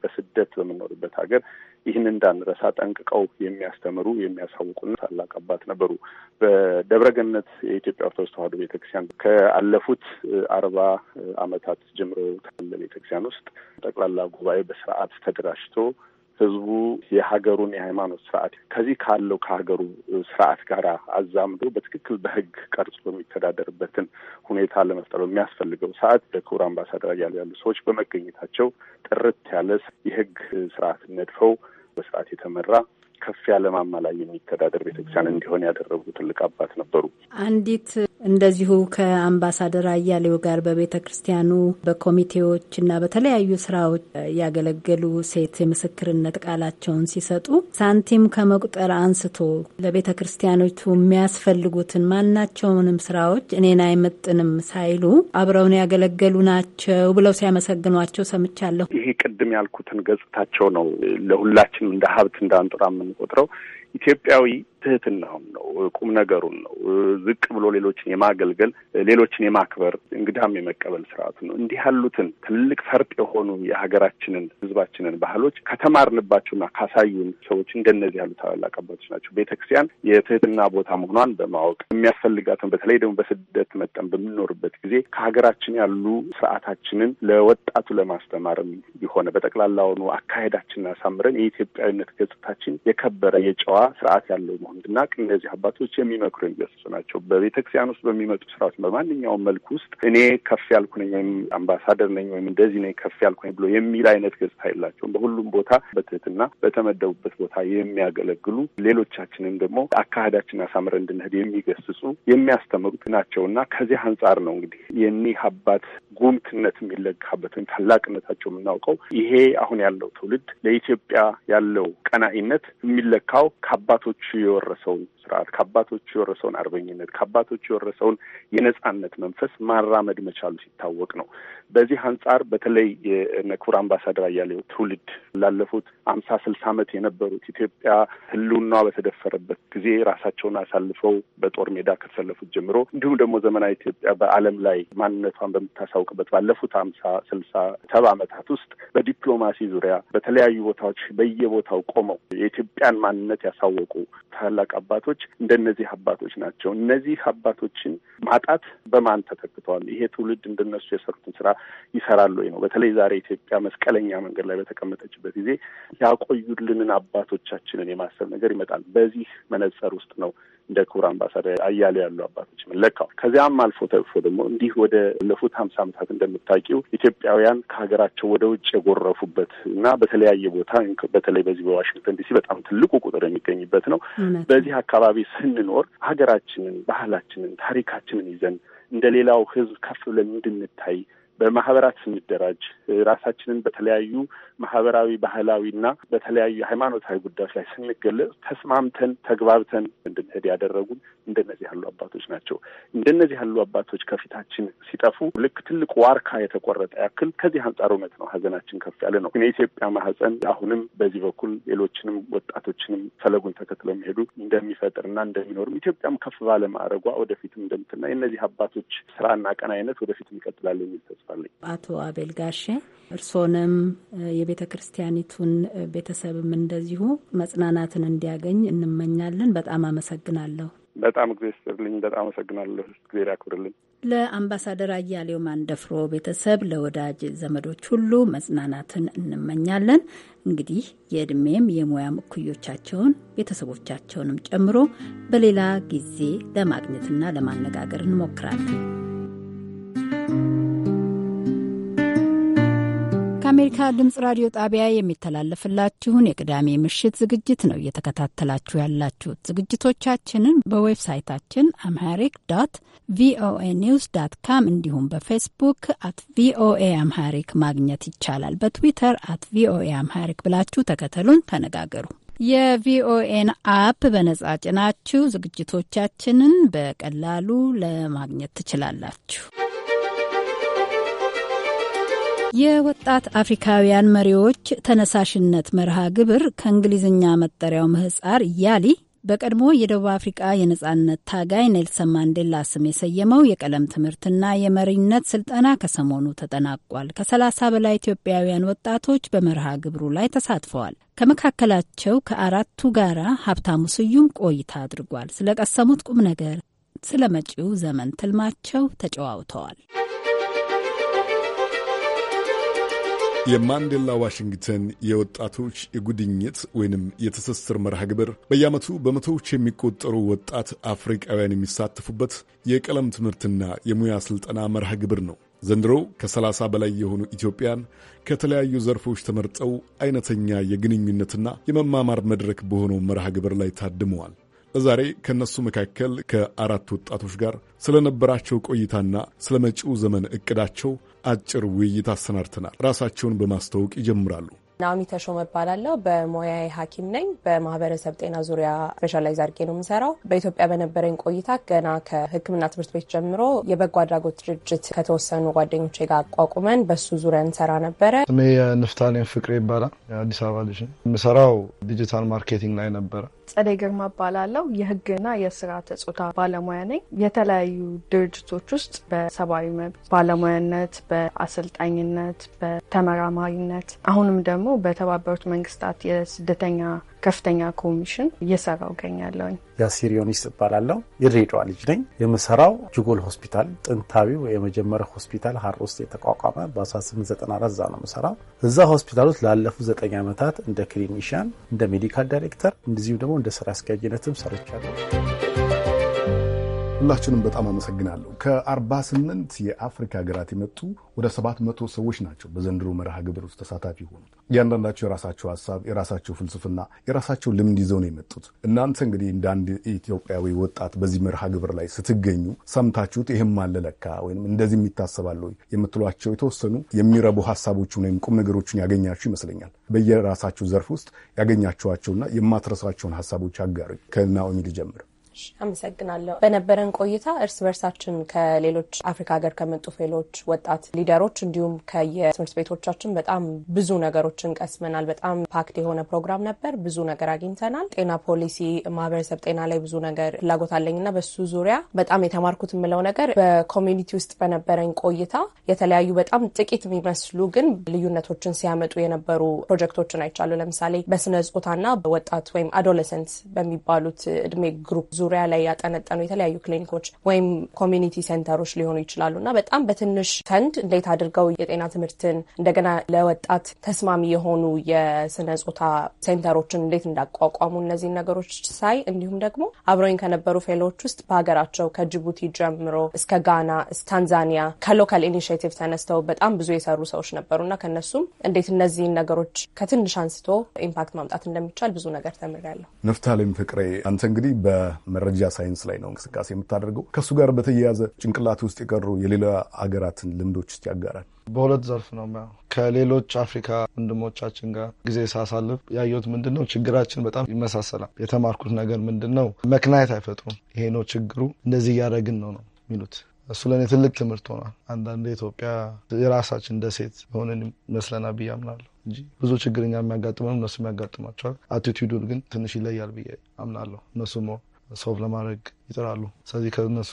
በስደት በምኖርበት ሀገር ይህን እንዳንረሳ ጠንቅቀው የሚያስተምሩ የሚያሳውቁን ታላቅ አባት ነበሩ። በደብረገነት የኢትዮጵያ ኦርቶዶክስ ተዋህዶ ቤተክርስቲያን ከአለፉት አርባ ዓመታት ጀምሮ ካለ ቤተክርስቲያን ውስጥ ጠቅላላ ጉባኤ በስርዓት ተደራጅቶ ህዝቡ የሀገሩን የሃይማኖት ስርዓት ከዚህ ካለው ከሀገሩ ስርዓት ጋር አዛምዶ በትክክል በህግ ቀርጾ የሚተዳደርበትን ሁኔታ ለመፍጠር በሚያስፈልገው ሰዓት በክቡር አምባሳደር አያሌው ያሉ ሰዎች በመገኘታቸው ጥርት ያለ የህግ ስርዓት ነድፈው በስርዓት የተመራ ከፍ ያለ ማማ ላይ የሚተዳደር ቤተክርስቲያን እንዲሆን ያደረጉ ትልቅ አባት ነበሩ። አንዲት እንደዚሁ ከአምባሳደር አያሌው ጋር በቤተ ክርስቲያኑ በኮሚቴዎች እና በተለያዩ ስራዎች ያገለገሉ ሴት የምስክርነት ቃላቸውን ሲሰጡ ሳንቲም ከመቁጠር አንስቶ ለቤተ ክርስቲያኖቹ የሚያስፈልጉትን ማናቸውንም ስራዎች እኔን አይመጥንም ሳይሉ አብረውን ያገለገሉ ናቸው ብለው ሲያመሰግኗቸው ሰምቻለሁ። ይሄ ቅድም ያልኩትን ገጽታቸው ነው ለሁላችንም እንደ ሀብት እንደ የምቆጥረው ኢትዮጵያዊ ትህትናውን ነው፣ ቁም ነገሩን ነው፣ ዝቅ ብሎ ሌሎችን የማገልገል ሌሎችን የማክበር እንግዳም የመቀበል ስርዓቱ ነው። እንዲህ ያሉትን ትልቅ ፈርጥ የሆኑ የሀገራችንን ህዝባችንን ባህሎች ከተማርንባቸውና ካሳዩን ሰዎች እንደነዚህ ያሉ ታላላቅ አባቶች ናቸው። ቤተክርስቲያን የትህትና ቦታ መሆኗን በማወቅ የሚያስፈልጋትን በተለይ ደግሞ በስደት መጠን በምንኖርበት ጊዜ ከሀገራችን ያሉ ስርዓታችንን ለወጣቱ ለማስተማርም ቢሆነ በጠቅላላውኑ አካሄዳችንን አሳምረን የኢትዮጵያዊነት ገጽታችን የከበረ የጨዋ ስርዓት ያለው እንድናቅ እነዚህ አባቶች የሚመክሩ የሚገስጹ ናቸው። በቤተክርስቲያን ውስጥ በሚመጡ ስርዓት በማንኛውም መልክ ውስጥ እኔ ከፍ ያልኩ ነኝ ወይም አምባሳደር ነኝ ወይም እንደዚህ ነኝ ከፍ ያልኩ ነኝ ብሎ የሚል አይነት ገጽታ የላቸውም። በሁሉም ቦታ በትህትና በተመደቡበት ቦታ የሚያገለግሉ ሌሎቻችንም ደግሞ አካሄዳችን አሳምረ እንድንሄድ የሚገስጹ የሚያስተምሩት ናቸው እና ከዚህ አንጻር ነው እንግዲህ የኒህ አባት ጉምትነት የሚለካበት ወይም ታላቅነታቸው የምናውቀው ይሄ አሁን ያለው ትውልድ ለኢትዮጵያ ያለው ቀናኢነት የሚለካው ከአባቶቹ የወ የወረሰውን ስርዓት ከአባቶቹ የወረሰውን አርበኝነት ከአባቶቹ የወረሰውን የነጻነት መንፈስ ማራመድ መቻሉ ሲታወቅ ነው። በዚህ አንጻር በተለይ የነክቡር አምባሳደር አያሌው ትውልድ ላለፉት አምሳ ስልሳ ዓመት የነበሩት ኢትዮጵያ ሕልውና በተደፈረበት ጊዜ ራሳቸውን አሳልፈው በጦር ሜዳ ከተሰለፉት ጀምሮ እንዲሁም ደግሞ ዘመናዊ ኢትዮጵያ በዓለም ላይ ማንነቷን በምታሳውቅበት ባለፉት አምሳ ስልሳ ሰባ ዓመታት ውስጥ በዲፕሎማሲ ዙሪያ በተለያዩ ቦታዎች በየቦታው ቆመው የኢትዮጵያን ማንነት ያሳወቁ ታላላቅ አባቶች እንደነዚህ አባቶች ናቸው። እነዚህ አባቶችን ማጣት በማን ተተክተዋል? ይሄ ትውልድ እንደነሱ የሰሩትን ስራ ይሰራሉ ወይ ነው። በተለይ ዛሬ ኢትዮጵያ መስቀለኛ መንገድ ላይ በተቀመጠችበት ጊዜ ያቆዩልንን አባቶቻችንን የማሰብ ነገር ይመጣል። በዚህ መነጽር ውስጥ ነው እንደ ክቡር አምባሳደር አያሌ ያሉ አባቶች መለካው። ከዚያም አልፎ ተርፎ ደግሞ እንዲህ ወደ ለፉት ሀምሳ ዓመታት እንደምታውቂው ኢትዮጵያውያን ከሀገራቸው ወደ ውጭ የጎረፉበት እና በተለያየ ቦታ በተለይ በዚህ በዋሽንግተን ዲሲ በጣም ትልቁ ቁጥር የሚገኝበት ነው። በዚህ አካባቢ ስንኖር ሀገራችንን፣ ባህላችንን፣ ታሪካችንን ይዘን እንደ ሌላው ህዝብ ከፍ ብለን እንድንታይ በማህበራት ስንደራጅ ራሳችንን በተለያዩ ማህበራዊ፣ ባህላዊና በተለያዩ ሃይማኖታዊ ጉዳዮች ላይ ስንገለጽ ተስማምተን ተግባብተን እንድንሄድ ያደረጉን እንደነዚህ ያሉ አባቶች ናቸው። እንደነዚህ ያሉ አባቶች ከፊታችን ሲጠፉ ልክ ትልቅ ዋርካ የተቆረጠ ያክል ከዚህ አንጻር እውነት ነው ሀዘናችን ከፍ ያለ ነው። የኢትዮጵያ ማህፀን አሁንም በዚህ በኩል ሌሎችንም ወጣቶችንም ፈለጉን ተከትለው የሚሄዱ እንደሚፈጥርና እንደሚኖርም ኢትዮጵያም ከፍ ባለ ማዕረጓ ወደፊትም እንደምትና የእነዚህ አባቶች ስራና ቀናይነት ወደፊት ይቀጥላል የሚል ተስፋ ይስጥልኝ። አቶ አቤል ጋሼ እርሶንም የቤተ ክርስቲያኒቱን ቤተሰብም እንደዚሁ መጽናናትን እንዲያገኝ እንመኛለን። በጣም አመሰግናለሁ። በጣም ጊዜ ይስጥልኝ። በጣም አመሰግናለሁ። እግዜር ያክብርልኝ። ለአምባሳደር አያሌው ማንደፍሮ ቤተሰብ፣ ለወዳጅ ዘመዶች ሁሉ መጽናናትን እንመኛለን። እንግዲህ የእድሜም የሙያም እኩዮቻቸውን ቤተሰቦቻቸውንም ጨምሮ በሌላ ጊዜ ለማግኘትና ለማነጋገር እንሞክራለን። ከአሜሪካ ድምፅ ራዲዮ ጣቢያ የሚተላለፍላችሁን የቅዳሜ ምሽት ዝግጅት ነው እየተከታተላችሁ ያላችሁት። ዝግጅቶቻችንን በዌብሳይታችን አምሃሪክ ዶት ቪኦኤ ኒውስ ዳት ካም እንዲሁም በፌስቡክ አት ቪኦኤ አምሃሪክ ማግኘት ይቻላል። በትዊተር አት ቪኦኤ አምሃሪክ ብላችሁ ተከተሉን፣ ተነጋገሩ። የቪኦኤን አፕ በነጻ ጭናችሁ ዝግጅቶቻችንን በቀላሉ ለማግኘት ትችላላችሁ። የወጣት አፍሪካውያን መሪዎች ተነሳሽነት መርሃ ግብር ከእንግሊዝኛ መጠሪያው ምህጻር ያሊ በቀድሞ የደቡብ አፍሪቃ የነጻነት ታጋይ ኔልሰን ማንዴላ ስም የሰየመው የቀለም ትምህርትና የመሪነት ስልጠና ከሰሞኑ ተጠናቋል። ከሰላሳ በላይ ኢትዮጵያውያን ወጣቶች በመርሃ ግብሩ ላይ ተሳትፈዋል። ከመካከላቸው ከአራቱ ጋራ ሀብታሙ ስዩም ቆይታ አድርጓል። ስለ ቀሰሙት ቁም ነገር፣ ስለ መጪው ዘመን ትልማቸው ተጨዋውተዋል። የማንዴላ ዋሽንግተን የወጣቶች የጉድኝት ወይንም የትስስር መርሃ ግብር በየዓመቱ በመቶዎች የሚቆጠሩ ወጣት አፍሪቃውያን የሚሳተፉበት የቀለም ትምህርትና የሙያ ሥልጠና መርሃ ግብር ነው። ዘንድሮ ከ30 በላይ የሆኑ ኢትዮጵያን ከተለያዩ ዘርፎች ተመርጠው አይነተኛ የግንኙነትና የመማማር መድረክ በሆነው መርሃ ግብር ላይ ታድመዋል። ዛሬ ከእነሱ መካከል ከአራት ወጣቶች ጋር ስለነበራቸው ቆይታና ስለ መጪው ዘመን እቅዳቸው አጭር ውይይት አሰናድተናል። ራሳቸውን በማስተዋወቅ ይጀምራሉ። ናሚ ተሾመ እባላለሁ። በሙያዬ ሐኪም ነኝ። በማህበረሰብ ጤና ዙሪያ ስፔሻላይዝ አድርጌ ነው የምሰራው። በኢትዮጵያ በነበረኝ ቆይታ ገና ከሕክምና ትምህርት ቤት ጀምሮ የበጎ አድራጎት ድርጅት ከተወሰኑ ጓደኞቼ ጋር አቋቁመን በሱ ዙሪያ እንሰራ ነበረ። ስሜ ንፍታሌን ፍቅሬ ይባላል። የአዲስ አበባ ልጅ የምሰራው ዲጂታል ማርኬቲንግ ላይ ነበረ ጸደይ ግርማ እባላለሁ። የህግና የስርዓተ ጾታ ባለሙያ ነኝ። የተለያዩ ድርጅቶች ውስጥ በሰብአዊ መብት ባለሙያነት፣ በአሰልጣኝነት፣ በተመራማሪነት አሁንም ደግሞ በተባበሩት መንግስታት የስደተኛ ከፍተኛ ኮሚሽን እየሰራው እገኛለሁኝ። ያሲር ዮኒስ እባላለሁ። የድሬዳዋ ልጅ ነኝ። የምሰራው ጅጎል ሆስፒታል፣ ጥንታዊው የመጀመሪያ ሆስፒታል ሀር ውስጥ የተቋቋመ በ1894 እዛ ነው የምሰራው። እዛ ሆስፒታል ውስጥ ላለፉት ዘጠኝ ዓመታት እንደ ክሊኒሽያን፣ እንደ ሜዲካል ዳይሬክተር እንደዚሁም ደግሞ እንደ ስራ አስኪያጅነትም ሰርቻለሁ። ሁላችሁንም በጣም አመሰግናለሁ። ከ48 የአፍሪካ ሀገራት የመጡ ወደ 700 ሰዎች ናቸው በዘንድሮ መርሃ ግብር ውስጥ ተሳታፊ የሆኑት። እያንዳንዳቸው የራሳቸው ሀሳብ፣ የራሳቸው ፍልስፍና፣ የራሳቸው ልምድ ይዘው ነው የመጡት። እናንተ እንግዲህ እንደ አንድ ኢትዮጵያዊ ወጣት በዚህ መርሃ ግብር ላይ ስትገኙ ሰምታችሁት ይህም አለለካ ወይም እንደዚህም ይታሰባል ወይ የምትሏቸው የተወሰኑ የሚረቡ ሀሳቦችን ወይም ቁም ነገሮችን ያገኛችሁ ይመስለኛል። በየራሳችሁ ዘርፍ ውስጥ ያገኛችኋቸውና የማትረሳቸውን ሀሳቦች አጋሪ። ከናኦሚ ልጀምር። አመሰግናለሁ። በነበረን ቆይታ እርስ በርሳችን ከሌሎች አፍሪካ ሀገር ከመጡ ፌሎች፣ ወጣት ሊደሮች እንዲሁም ከየትምህርት ቤቶቻችን በጣም ብዙ ነገሮችን ቀስመናል። በጣም ፓክድ የሆነ ፕሮግራም ነበር። ብዙ ነገር አግኝተናል። ጤና ፖሊሲ፣ ማህበረሰብ ጤና ላይ ብዙ ነገር ፍላጎት አለኝ በሱ ዙሪያ በጣም የተማርኩት የምለው ነገር በኮሚኒቲ ውስጥ በነበረኝ ቆይታ የተለያዩ በጣም ጥቂት የሚመስሉ ግን ልዩነቶችን ሲያመጡ የነበሩ ፕሮጀክቶችን አይቻሉ። ለምሳሌ በስነ ጾታና ወጣት ወይም አዶለሰንት በሚባሉት እድሜ ግሩፕ ዙሪያ ላይ ያጠነጠኑ የተለያዩ ክሊኒኮች ወይም ኮሚኒቲ ሴንተሮች ሊሆኑ ይችላሉ እና በጣም በትንሽ ፈንድ እንዴት አድርገው የጤና ትምህርትን እንደገና ለወጣት ተስማሚ የሆኑ የስነ ጾታ ሴንተሮችን እንዴት እንዳቋቋሙ እነዚህን ነገሮች ሳይ እንዲሁም ደግሞ አብረኝ ከነበሩ ፌሎች ውስጥ በሀገራቸው ከጅቡቲ ጀምሮ እስከ ጋና፣ ታንዛኒያ ከሎካል ኢኒሽቲቭ ተነስተው በጣም ብዙ የሰሩ ሰዎች ነበሩ እና ከነሱም እንዴት እነዚህን ነገሮች ከትንሽ አንስቶ ኢምፓክት ማምጣት እንደሚቻል ብዙ ነገር ተምሬያለሁ። ነፍታሌም ፍቅሬ፣ አንተ እንግዲህ መረጃ ሳይንስ ላይ ነው እንቅስቃሴ የምታደርገው። ከእሱ ጋር በተያያዘ ጭንቅላት ውስጥ የቀሩ የሌላ አገራትን ልምዶች ውስጥ ያጋራል። በሁለት ዘርፍ ነው ከሌሎች አፍሪካ ወንድሞቻችን ጋር ጊዜ ሳሳልፍ ያየሁት ምንድን ነው፣ ችግራችን በጣም ይመሳሰላል። የተማርኩት ነገር ምንድን ነው፣ አይፈጥሩም። ይሄ ነው ችግሩ፣ እንደዚህ እያደረግን ነው ነው የሚሉት እሱ ለእኔ ትልቅ ትምህርት ሆኗል። አንዳንድ ኢትዮጵያ የራሳችን ደሴት የሆነን ይመስለናል ብዬ አምናለሁ እንጂ ብዙ ችግር እኛ የሚያጋጥመን እነሱ የሚያጋጥማቸዋል። አቲቱዱን ግን ትንሽ ይለያል ብዬ አምናለሁ። እነሱ ሶልቭ ለማድረግ ይጥራሉ። ስለዚህ ከነሱ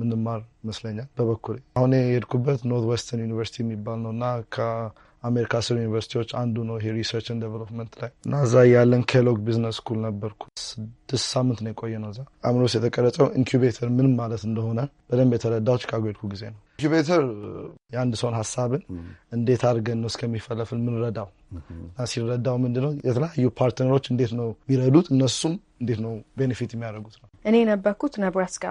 ምንማር ይመስለኛል። በበኩሌ አሁን የሄድኩበት ኖርት ዌስተርን ዩኒቨርሲቲ የሚባል ነው እና ከአሜሪካ ስር ዩኒቨርሲቲዎች አንዱ ነው ይሄ ሪሰርች ን ዴቨሎፕመንት ላይ እና እዛ ያለን ኬሎግ ቢዝነስ ስኩል ነበርኩ። ስድስት ሳምንት ነው የቆየ ነው። እዛ አእምሮ ውስጥ የተቀረጸው ኢንኩቤተር ምን ማለት እንደሆነ በደንብ የተረዳው ቺካጎ ሄድኩ ጊዜ ነው። ኢንኩቤተር የአንድ ሰውን ሀሳብን እንዴት አድርገን ነው እስከሚፈለፍል ምንረዳው እና ሲረዳው ምንድነው የተለያዩ ፓርትነሮች እንዴት ነው የሚረዱት፣ እነሱም እንዴት ነው ቤኔፊት የሚያደርጉት ነው። እኔ የነበርኩት ነብራስካ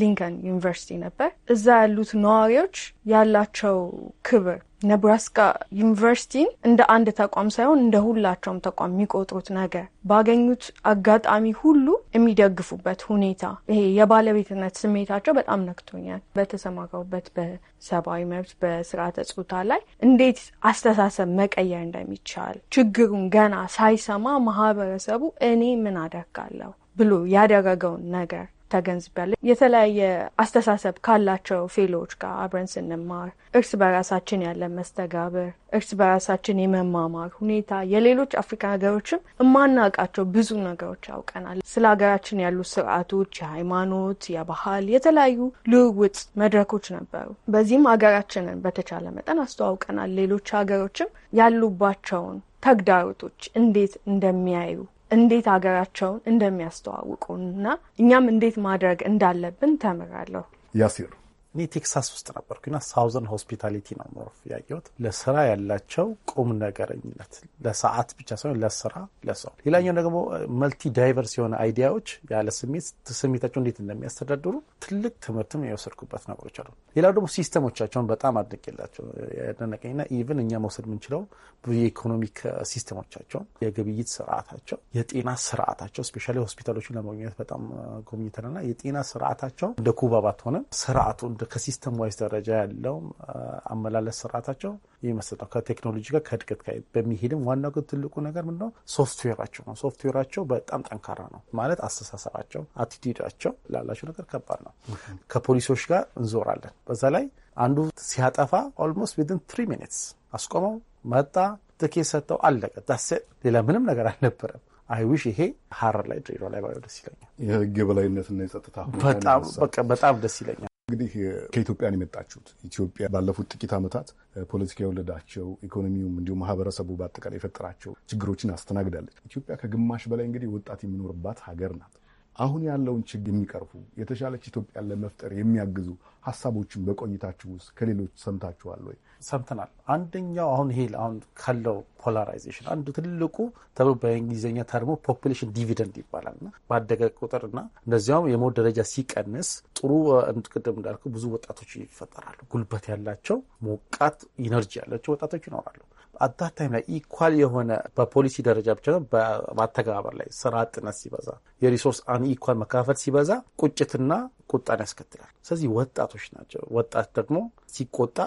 ሊንከን ዩኒቨርሲቲ ነበር። እዛ ያሉት ነዋሪዎች ያላቸው ክብር ነብራስካ ዩኒቨርሲቲን እንደ አንድ ተቋም ሳይሆን እንደ ሁላቸውም ተቋም የሚቆጥሩት ነገር ባገኙት አጋጣሚ ሁሉ የሚደግፉበት ሁኔታ ይሄ የባለቤትነት ስሜታቸው በጣም ነክቶኛል። በተሰማራሁበት በሰብአዊ መብት በስርዓተ ጾታ ላይ እንዴት አስተሳሰብ መቀየር እንደሚቻል ችግሩን ገና ሳይሰማ ማህበረሰቡ እኔ ምን አደርጋለሁ ብሎ ያደረገውን ነገር ተገንዝቤያለሁ። የተለያየ አስተሳሰብ ካላቸው ፌሎዎች ጋር አብረን ስንማር እርስ በራሳችን ያለ መስተጋብር፣ እርስ በራሳችን የመማማር ሁኔታ የሌሎች አፍሪካ ሀገሮችም የማናውቃቸው ብዙ ነገሮች ያውቀናል። ስለ ሀገራችን ያሉ ስርዓቶች፣ የሃይማኖት፣ የባህል የተለያዩ ልውውጥ መድረኮች ነበሩ። በዚህም ሀገራችንን በተቻለ መጠን አስተዋውቀናል። ሌሎች ሀገሮችም ያሉባቸውን ተግዳሮቶች እንዴት እንደሚያዩ እንዴት ሀገራቸውን እንደሚያስተዋውቁ እና እኛም እንዴት ማድረግ እንዳለብን ተምራለሁ። ያሲር እኔ ቴክሳስ ውስጥ ነበርኩና ሳውዘን ሆስፒታሊቲ ነው ኖርፍ ያየሁት። ለስራ ያላቸው ቁም ነገረኝነት ለሰዓት ብቻ ሳይሆን ለስራ ለሰው። ሌላኛው ደግሞ መልቲ ዳይቨርስ የሆነ አይዲያዎች ያለ ስሜት ስሜታቸው እንዴት እንደሚያስተዳድሩ ትልቅ ትምህርትም የወሰድኩበት ነገሮች አሉ። ሌላው ደግሞ ሲስተሞቻቸውን በጣም አድንቄላቸው ያደነቀኝና ኢቨን እኛ መውሰድ የምንችለው ብዙ የኢኮኖሚክ ሲስተሞቻቸው፣ የግብይት ስርዓታቸው፣ የጤና ስርዓታቸው ስፔሻሊ ሆስፒታሎችን ለመግኘት በጣም ጎብኝተናልና የጤና ስርዓታቸው እንደ ኩባባት ሆነ ስርዓቱ ከሲስተም ዋይዝ ደረጃ ያለው አመላለስ ስርዓታቸው ይመስል ነው። ከቴክኖሎጂ ጋር ከእድገት ጋር በሚሄድም ዋናው ግን ትልቁ ነገር ምንድነው ሶፍትዌራቸው ነው። ሶፍትዌራቸው በጣም ጠንካራ ነው ማለት አስተሳሰባቸው፣ አቲቲዩዳቸው ላላቸው ነገር ከባድ ነው። ከፖሊሶች ጋር እንዞራለን። በዛ ላይ አንዱ ሲያጠፋ ኦልሞስት ዊዝን ትሪ ሚኒትስ አስቆመው፣ መጣ፣ ትኬት ሰጥተው አለቀ። ዳሴ ሌላ ምንም ነገር አልነበረም። አይዊሽ ይሄ ሀረር ላይ ድሬዳዋ ላይ ባለው ደስ ይለኛል። የህግ የበላይነትና የጸጥታ በጣም ደስ ይለኛል። እንግዲህ ከኢትዮጵያን የመጣችሁት። ኢትዮጵያ ባለፉት ጥቂት ዓመታት ፖለቲካ የወለዳቸው ኢኮኖሚውም፣ እንዲሁም ማህበረሰቡ በአጠቃላይ የፈጠራቸው ችግሮችን አስተናግዳለች። ኢትዮጵያ ከግማሽ በላይ እንግዲህ ወጣት የሚኖርባት ሀገር ናት። አሁን ያለውን ችግር የሚቀርፉ የተሻለች ኢትዮጵያን ለመፍጠር የሚያግዙ ሀሳቦችን በቆይታችሁ ውስጥ ከሌሎች ሰምታችኋል ወይ? ሰምተናል። አንደኛው አሁን ይሄ አሁን ካለው ፖላራይዜሽን አንዱ ትልቁ ተብሎ በእንግሊዝኛ ተርሞ ፖፑሌሽን ዲቪደንድ ይባላል እና ባደገ ቁጥርና እንደዚያውም የሞት ደረጃ ሲቀንስ ጥሩ ቅድም እንዳልኩ ብዙ ወጣቶች ይፈጠራሉ። ጉልበት ያላቸው ሞቃት ኢነርጂ ያላቸው ወጣቶች ይኖራሉ። አዳት ታይም ላይ ኢኳል የሆነ በፖሊሲ ደረጃ ብቻ ነው፣ በማተገባበር ላይ ስራ አጥነት ሲበዛ፣ የሪሶርስ አን ኢኳል መካፈል ሲበዛ ቁጭትና ቁጣን ያስከትላል። ስለዚህ ወጣቶች ናቸው። ወጣት ደግሞ ሲቆጣ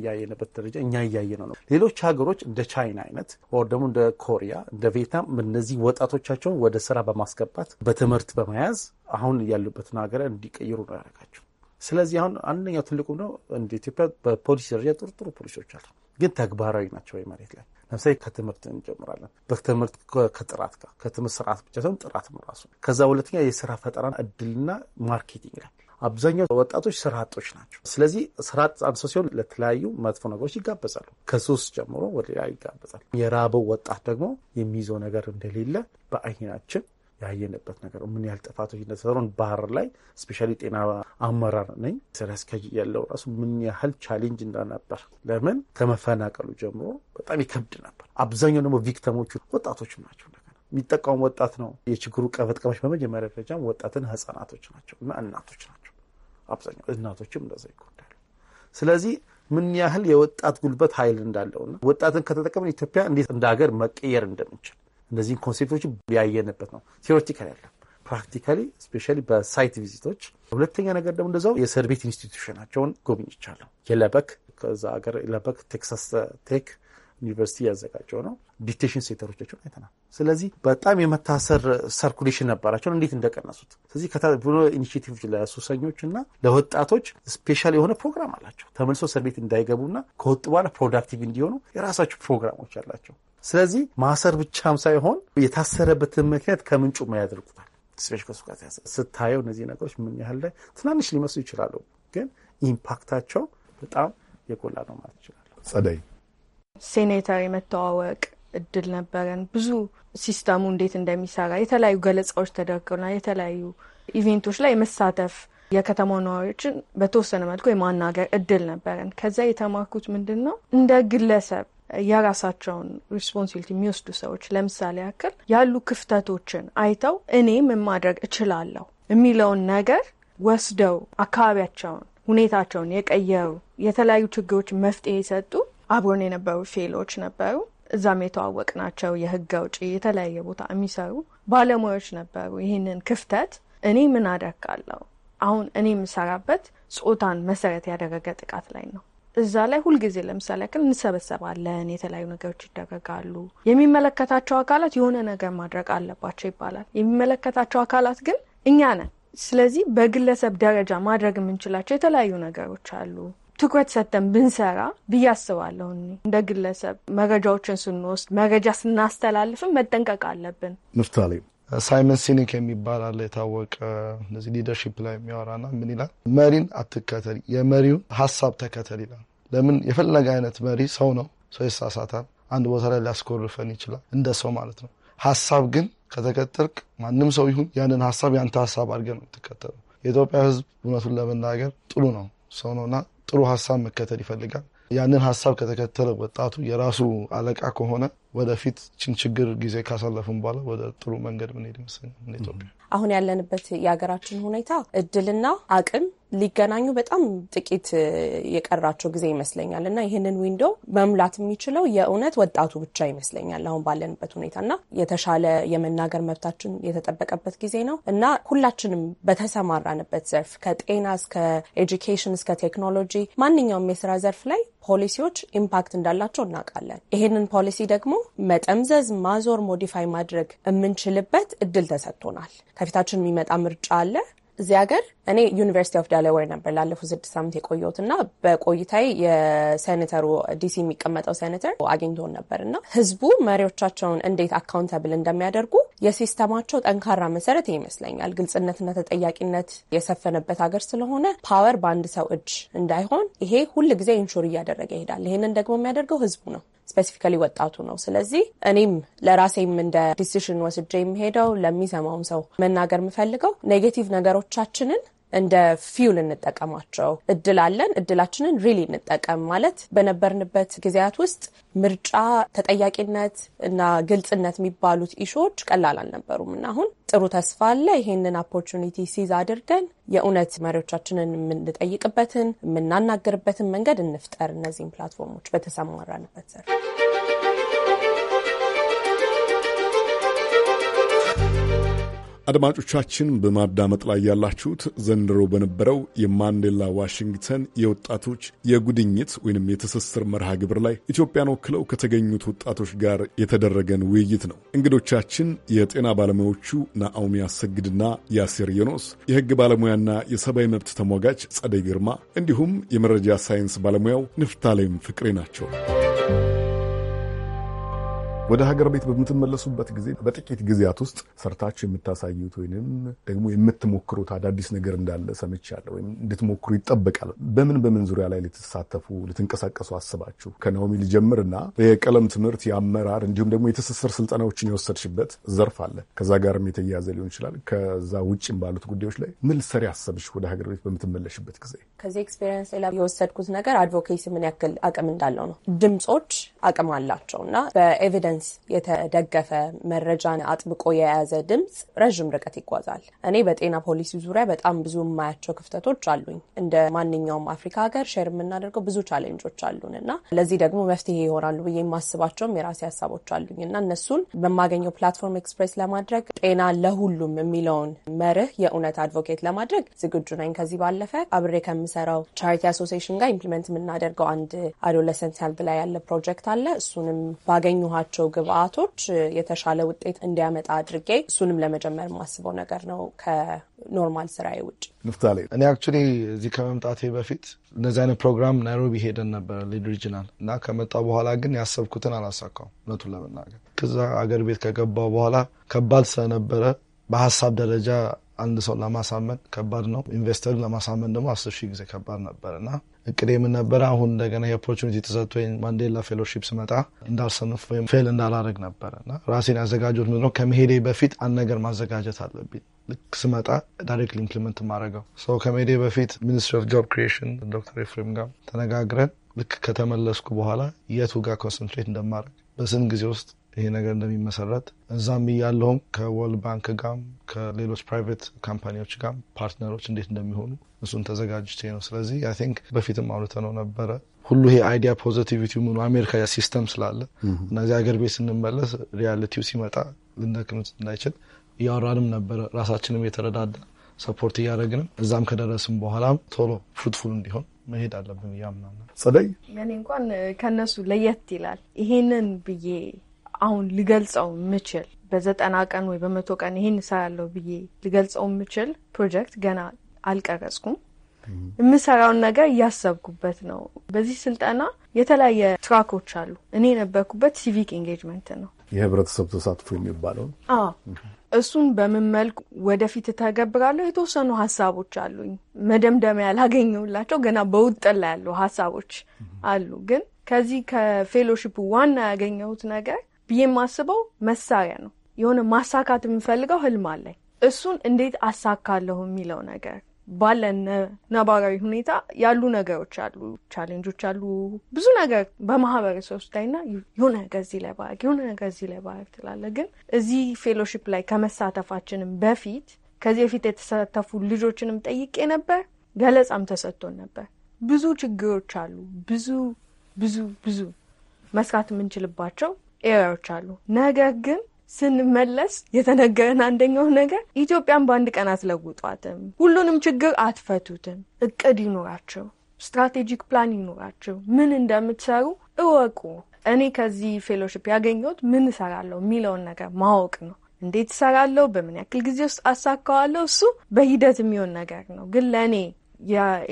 እያየንበት ደረጃ እኛ እያየ ነው ነው ሌሎች ሀገሮች እንደ ቻይና አይነት ወር ደግሞ እንደ ኮሪያ፣ እንደ ቪየትናም እነዚህ ወጣቶቻቸውን ወደ ስራ በማስገባት በትምህርት በመያዝ አሁን ያሉበትን ሀገር እንዲቀይሩ ነው ያደረጋቸው። ስለዚህ አሁን አንደኛው ትልቁ ነው እንደ ኢትዮጵያ በፖሊሲ ደረጃ ጥሩ ጥሩ ፖሊሲዎች አሉ። ግን ተግባራዊ ናቸው ወይ መሬት ላይ ለምሳሌ ከትምህርት እንጀምራለን። በትምህርት ከጥራት ጋር ከትምህርት ስርዓት ብቻ ሳይሆን ጥራትም ራሱ። ከዛ ሁለተኛ የስራ ፈጠራ እድልና ማርኬቲንግ ላይ አብዛኛው ወጣቶች ስራ አጦች ናቸው። ስለዚህ ስራ አጥ ሲሆን ለተለያዩ መጥፎ ነገሮች ይጋበዛሉ። ከሶስት ጀምሮ ወደ ይጋበዛል። የራበው ወጣት ደግሞ የሚይዘው ነገር እንደሌለ በአይናችን ያየንበት ነገር ምን ያህል ጥፋቶች እንደተሰሩን ባህር ላይ ስፔሻሊ ጤና አመራር ነኝ ስራ አስኪያጅ ያለው ራሱ ምን ያህል ቻሌንጅ እንደነበር ለምን ከመፈናቀሉ ጀምሮ በጣም ይከብድ ነበር። አብዛኛው ደግሞ ቪክተሞቹ ወጣቶች ናቸው። የሚጠቀሙ ወጣት ነው የችግሩ ቀበጥቀበች በመጀመሪያ ደረጃ ወጣትን ህጻናቶች ናቸው እና እናቶች ናቸው። አብዛኛው እናቶችም እንደዛ ይጎዳሉ። ስለዚህ ምን ያህል የወጣት ጉልበት ኃይል እንዳለውና ወጣትን ከተጠቀምን ኢትዮጵያ እንዴት እንደ ሀገር መቀየር እንደምንችል እነዚህን ኮንሴፕቶች ያየንበት ነው። ቴዎሬቲካል ያለም ፕራክቲካሊ ስፔሻሊ በሳይት ቪዚቶች። ሁለተኛ ነገር ደግሞ እንደዛው የእስር ቤት ኢንስቲቱሽናቸውን ጎብኝቻለሁ። የለበክ ከዛ ሀገር ለበክ ቴክሳስ ቴክ ዩኒቨርሲቲ ያዘጋጀው ነው። ዲቴሽን ሴንተሮቻቸውን አይተናል። ስለዚህ በጣም የመታሰር ሰርኩሌሽን ነበራቸውን እንዴት እንደቀነሱት። ስለዚህ ብሎ ኢኒሽቲቭ ለሱሰኞች እና ለወጣቶች ስፔሻል የሆነ ፕሮግራም አላቸው። ተመልሶ እስር ቤት እንዳይገቡና ከወጡ በኋላ ፕሮዳክቲቭ እንዲሆኑ የራሳቸው ፕሮግራሞች አላቸው። ስለዚህ ማሰር ብቻም ሳይሆን የታሰረበትን ምክንያት ከምንጩ መያዝ ያደርጉታል። ስታየው እነዚህ ነገሮች ምን ያህል ላይ ትናንሽ ሊመስሉ ይችላሉ፣ ግን ኢምፓክታቸው በጣም የጎላ ነው ማለት ይችላሉ። ጸደይ ሴኔተር የመተዋወቅ እድል ነበረን። ብዙ ሲስተሙ እንዴት እንደሚሰራ የተለያዩ ገለጻዎች ተደርገውና የተለያዩ ኢቬንቶች ላይ የመሳተፍ የከተማው ነዋሪዎችን በተወሰነ መልኩ የማናገር እድል ነበረን። ከዛ የተማርኩት ምንድን ነው እንደ ግለሰብ የራሳቸውን ሪስፖንሲቢሊቲ የሚወስዱ ሰዎች ለምሳሌ ያክል ያሉ ክፍተቶችን አይተው እኔ ምን ማድረግ እችላለሁ የሚለውን ነገር ወስደው አካባቢያቸውን፣ ሁኔታቸውን የቀየሩ የተለያዩ ችግሮች መፍትሄ የሰጡ አብሮን የነበሩ ፌሎች ነበሩ። እዛም የተዋወቅ ናቸው። የህግ አውጪ የተለያየ ቦታ የሚሰሩ ባለሙያዎች ነበሩ። ይህንን ክፍተት እኔ ምን አደርጋለሁ? አሁን እኔ የምሰራበት ጾታን መሰረት ያደረገ ጥቃት ላይ ነው። እዛ ላይ ሁልጊዜ ለምሳሌ ያክል እንሰበሰባለን፣ የተለያዩ ነገሮች ይደረጋሉ። የሚመለከታቸው አካላት የሆነ ነገር ማድረግ አለባቸው ይባላል። የሚመለከታቸው አካላት ግን እኛ ነን። ስለዚህ በግለሰብ ደረጃ ማድረግ የምንችላቸው የተለያዩ ነገሮች አሉ። ትኩረት ሰጥተን ብንሰራ ብዬ አስባለሁ። እንደ ግለሰብ መረጃዎችን ስንወስድ፣ መረጃ ስናስተላልፍም መጠንቀቅ አለብን። ንፍታሌ ሳይመን ሲኒክ የሚባል አለ የታወቀ እነዚህ ሊደርሺፕ ላይ የሚያወራና ምን ይላል? መሪን አትከተል፣ የመሪውን ሀሳብ ተከተል ይላል። ለምን የፈለገ አይነት መሪ ሰው ነው፣ ሰው ይሳሳታል፣ አንድ ቦታ ላይ ሊያስኮርፈን ይችላል፣ እንደ ሰው ማለት ነው። ሀሳብ ግን ከተከተልክ ማንም ሰው ይሁን ያንን ሀሳብ ያንተ ሀሳብ አድርገህ ነው የምትከተለው። የኢትዮጵያ ሕዝብ እውነቱን ለመናገር ጥሩ ነው ሰው ነውና ጥሩ ሀሳብ መከተል ይፈልጋል። ያንን ሀሳብ ከተከተለ ወጣቱ የራሱ አለቃ ከሆነ ወደፊት ችን ችግር ጊዜ ካሳለፍን በኋላ ወደ ጥሩ መንገድ ምንሄድ ይመስለኛል። ኢትዮጵያ አሁን ያለንበት የሀገራችን ሁኔታ እድልና አቅም ሊገናኙ በጣም ጥቂት የቀራቸው ጊዜ ይመስለኛል እና ይህንን ዊንዶ መሙላት የሚችለው የእውነት ወጣቱ ብቻ ይመስለኛል አሁን ባለንበት ሁኔታ እና የተሻለ የመናገር መብታችን የተጠበቀበት ጊዜ ነው እና ሁላችንም በተሰማራንበት ዘርፍ ከጤና እስከ ኤጁኬሽን እስከ ቴክኖሎጂ ማንኛውም የስራ ዘርፍ ላይ ፖሊሲዎች ኢምፓክት እንዳላቸው እናውቃለን። ይህንን ፖሊሲ ደግሞ መጠምዘዝ፣ ማዞር፣ ሞዲፋይ ማድረግ የምንችልበት እድል ተሰጥቶናል። ከፊታችን የሚመጣ ምርጫ አለ። እዚህ ሀገር እኔ ዩኒቨርሲቲ ኦፍ ዳላዌር ነበር ላለፉት ስድስት ሳምንት የቆየሁት እና በቆይታዬ የሴኔተሩ ዲሲ የሚቀመጠው ሴኔተር አግኝቶን ነበር እና ህዝቡ መሪዎቻቸውን እንዴት አካውንታብል እንደሚያደርጉ የሲስተማቸው ጠንካራ መሰረት ይመስለኛል። ግልጽነትና ተጠያቂነት የሰፈነበት ሀገር ስለሆነ ፓወር በአንድ ሰው እጅ እንዳይሆን ይሄ ሁል ጊዜ ኢንሹር እያደረገ ይሄዳል። ይሄንን ደግሞ የሚያደርገው ህዝቡ ነው። ስፔሲፊካሊ ወጣቱ ነው። ስለዚህ እኔም ለራሴም እንደ ዲሲሽን ወስጄ የሚሄደው ለሚሰማውም ሰው መናገር የምፈልገው ኔጌቲቭ ነገሮቻችንን እንደ ፊውል እንጠቀማቸው። እድል አለን፣ እድላችንን ሪሊ እንጠቀም ማለት በነበርንበት ጊዜያት ውስጥ ምርጫ፣ ተጠያቂነት እና ግልጽነት የሚባሉት ኢሹዎች ቀላል አልነበሩም እና አሁን ጥሩ ተስፋ አለ። ይሄንን ኦፖርቹኒቲ ሲዝ አድርገን የእውነት መሪዎቻችንን የምንጠይቅበትን የምናናግርበትን መንገድ እንፍጠር እነዚህን ፕላትፎርሞች በተሰማራንበት ዘርፍ አድማጮቻችን በማዳመጥ ላይ ያላችሁት ዘንድሮ በነበረው የማንዴላ ዋሽንግተን የወጣቶች የጉድኝት ወይንም የትስስር መርሃ ግብር ላይ ኢትዮጵያን ወክለው ከተገኙት ወጣቶች ጋር የተደረገን ውይይት ነው። እንግዶቻችን የጤና ባለሙያዎቹ ናኦሚ አሰግድና ያሴር የኖስ፣ የሕግ ባለሙያና የሰብአዊ መብት ተሟጋች ጸደይ ግርማ እንዲሁም የመረጃ ሳይንስ ባለሙያው ንፍታሌም ፍቅሬ ናቸው። ወደ ሀገር ቤት በምትመለሱበት ጊዜ በጥቂት ጊዜያት ውስጥ ሰርታችሁ የምታሳዩት ወይም ደግሞ የምትሞክሩት አዳዲስ ነገር እንዳለ ሰምቻለሁ፣ ወይም እንድትሞክሩ ይጠበቃል። በምን በምን ዙሪያ ላይ ልትሳተፉ ልትንቀሳቀሱ አስባችሁ? ከናኦሚ ልጀምርና የቀለም ትምህርት፣ የአመራር እንዲሁም ደግሞ የትስስር ስልጠናዎችን የወሰድሽበት ዘርፍ አለ። ከዛ ጋርም የተያያዘ ሊሆን ይችላል። ከዛ ውጭም ባሉት ጉዳዮች ላይ ምን ልትሰሪ አሰብሽ? ወደ ሀገር ቤት በምትመለሽበት ጊዜ ከዚህ ኤክስፔሪንስ ሌላ የወሰድኩት ነገር አድቮኬሲ ምን ያክል አቅም እንዳለው ነው። ድምፆች አቅም አላቸው እና በኤቪደንስ በሳይንስ የተደገፈ መረጃን አጥብቆ የያዘ ድምፅ ረዥም ርቀት ይጓዛል። እኔ በጤና ፖሊሲ ዙሪያ በጣም ብዙ የማያቸው ክፍተቶች አሉኝ። እንደ ማንኛውም አፍሪካ ሀገር ሼር የምናደርገው ብዙ ቻሌንጆች አሉን እና ለዚህ ደግሞ መፍትሄ ይሆናሉ ብዬ የማስባቸውም የራሴ ሀሳቦች አሉኝ እና እነሱን በማገኘው ፕላትፎርም ኤክስፕሬስ ለማድረግ ጤና ለሁሉም የሚለውን መርህ የእውነት አድቮኬት ለማድረግ ዝግጁ ነኝ። ከዚህ ባለፈ አብሬ ከምሰራው ቻሪቲ አሶሲሽን ጋር ኢምፕሊመንት የምናደርገው አንድ አዶለሰንት ሄልት ላይ ያለ ፕሮጀክት አለ። እሱንም ባገኘኋቸው በምጠቀማቸው ግብአቶች የተሻለ ውጤት እንዲያመጣ አድርጌ እሱንም ለመጀመር የማስበው ነገር ነው ከኖርማል ስራዬ ውጭ። ንፍታሌ እኔ አክቹዋሊ እዚህ ከመምጣቴ በፊት እንደዚህ አይነት ፕሮግራም ናይሮቢ ሄደን ነበር ሊድ ሪጅናል እና ከመጣ በኋላ ግን ያሰብኩትን አላሳካውም እውነቱን ለመናገር ከዛ አገር ቤት ከገባ በኋላ ከባድ ስለነበረ በሀሳብ ደረጃ አንድ ሰው ለማሳመን ከባድ ነው። ኢንቨስተር ለማሳመን ደግሞ አስር ሺህ ጊዜ ከባድ ነበር እና እቅድ የምንነበረ አሁን እንደገና የኦፖርቹኒቲ ተሰጥቶ ማንዴላ ፌሎሺፕ ስመጣ እንዳልሰንፍ ወይም ፌል እንዳላረግ ነበረ እና ራሴን ያዘጋጀሁት ምንድነው ከመሄዴ በፊት አንድ ነገር ማዘጋጀት አለብኝ። ልክ ስመጣ ዳይሬክት ኢምፕሊመንት ማድረገው ሰው ከመሄዴ በፊት ሚኒስትሪ ኦፍ ጆብ ክሪኤሽን ዶክተር ኤፍሬም ጋር ተነጋግረን ልክ ከተመለስኩ በኋላ የቱ ጋር ኮንሰንትሬት እንደማድረግ በስን ጊዜ ውስጥ ይሄ ነገር እንደሚመሰረት እዛም እያለሁም ከወርልድ ባንክ ጋም ከሌሎች ፕራይቬት ካምፓኒዎች ጋም ፓርትነሮች እንዴት እንደሚሆኑ እሱን ተዘጋጅቼ ነው። ስለዚህ አይ ቲንክ በፊትም አውልተ ነው ነበረ ሁሉ ይሄ አይዲያ ፖዘቲቪቲ ምኑ አሜሪካ ሲስተም ስላለ እነዚህ ሀገር ቤት ስንመለስ ሪያልቲው ሲመጣ ልንደክምት እንዳይችል እያወራንም ነበረ ራሳችንም የተረዳዳ ሰፖርት እያደረግንም እዛም ከደረስም በኋላም ቶሎ ፍሩትፉል እንዲሆን መሄድ አለብን እያምናና ጸደይ፣ እኔ እንኳን ከነሱ ለየት ይላል ይሄንን ብዬ አሁን ሊገልጸው ምችል በዘጠና ቀን ወይ በመቶ ቀን ይሄን እሰራለሁ ብዬ ሊገልጸው ምችል ፕሮጀክት ገና አልቀረጽኩም። የምሰራውን ነገር እያሰብኩበት ነው። በዚህ ስልጠና የተለያየ ትራኮች አሉ። እኔ የነበርኩበት ሲቪክ ኤንጌጅመንት ነው፣ የህብረተሰብ ተሳትፎ የሚባለው እሱን በምን መልኩ ወደፊት ተገብራለሁ። የተወሰኑ ሀሳቦች አሉኝ። መደምደሚያ ያላገኘሁላቸው ገና በውጥን ላይ ያሉ ሀሳቦች አሉ። ግን ከዚህ ከፌሎሺፕ ዋና ያገኘሁት ነገር ብዬ የማስበው መሳሪያ ነው። የሆነ ማሳካት የምፈልገው ህልም አለኝ። እሱን እንዴት አሳካለሁ የሚለው ነገር ባለን ነባራዊ ሁኔታ ያሉ ነገሮች አሉ፣ ቻሌንጆች አሉ። ብዙ ነገር በማህበረሰብ ውስጥ ና የሆነ ነገር እዚህ ላይ ባረግ የሆነ ነገር እዚህ ላይ ባረግ ትላለ። ግን እዚህ ፌሎሺፕ ላይ ከመሳተፋችንም በፊት ከዚህ በፊት የተሳተፉ ልጆችንም ጠይቄ ነበር። ገለጻም ተሰጥቶን ነበር። ብዙ ችግሮች አሉ። ብዙ ብዙ ብዙ መስራት የምንችልባቸው ኤራዎች አሉ። ነገር ግን ስንመለስ የተነገረን አንደኛው ነገር ኢትዮጵያን በአንድ ቀን አትለውጧትም። ሁሉንም ችግር አትፈቱትም። እቅድ ይኖራቸው፣ ስትራቴጂክ ፕላን ይኖራቸው፣ ምን እንደምትሰሩ እወቁ። እኔ ከዚህ ፌሎሽፕ ያገኘሁት ምን እሰራለሁ የሚለውን ነገር ማወቅ ነው። እንዴት እሰራለሁ፣ በምን ያክል ጊዜ ውስጥ አሳካዋለሁ፣ እሱ በሂደት የሚሆን ነገር ነው። ግን ለእኔ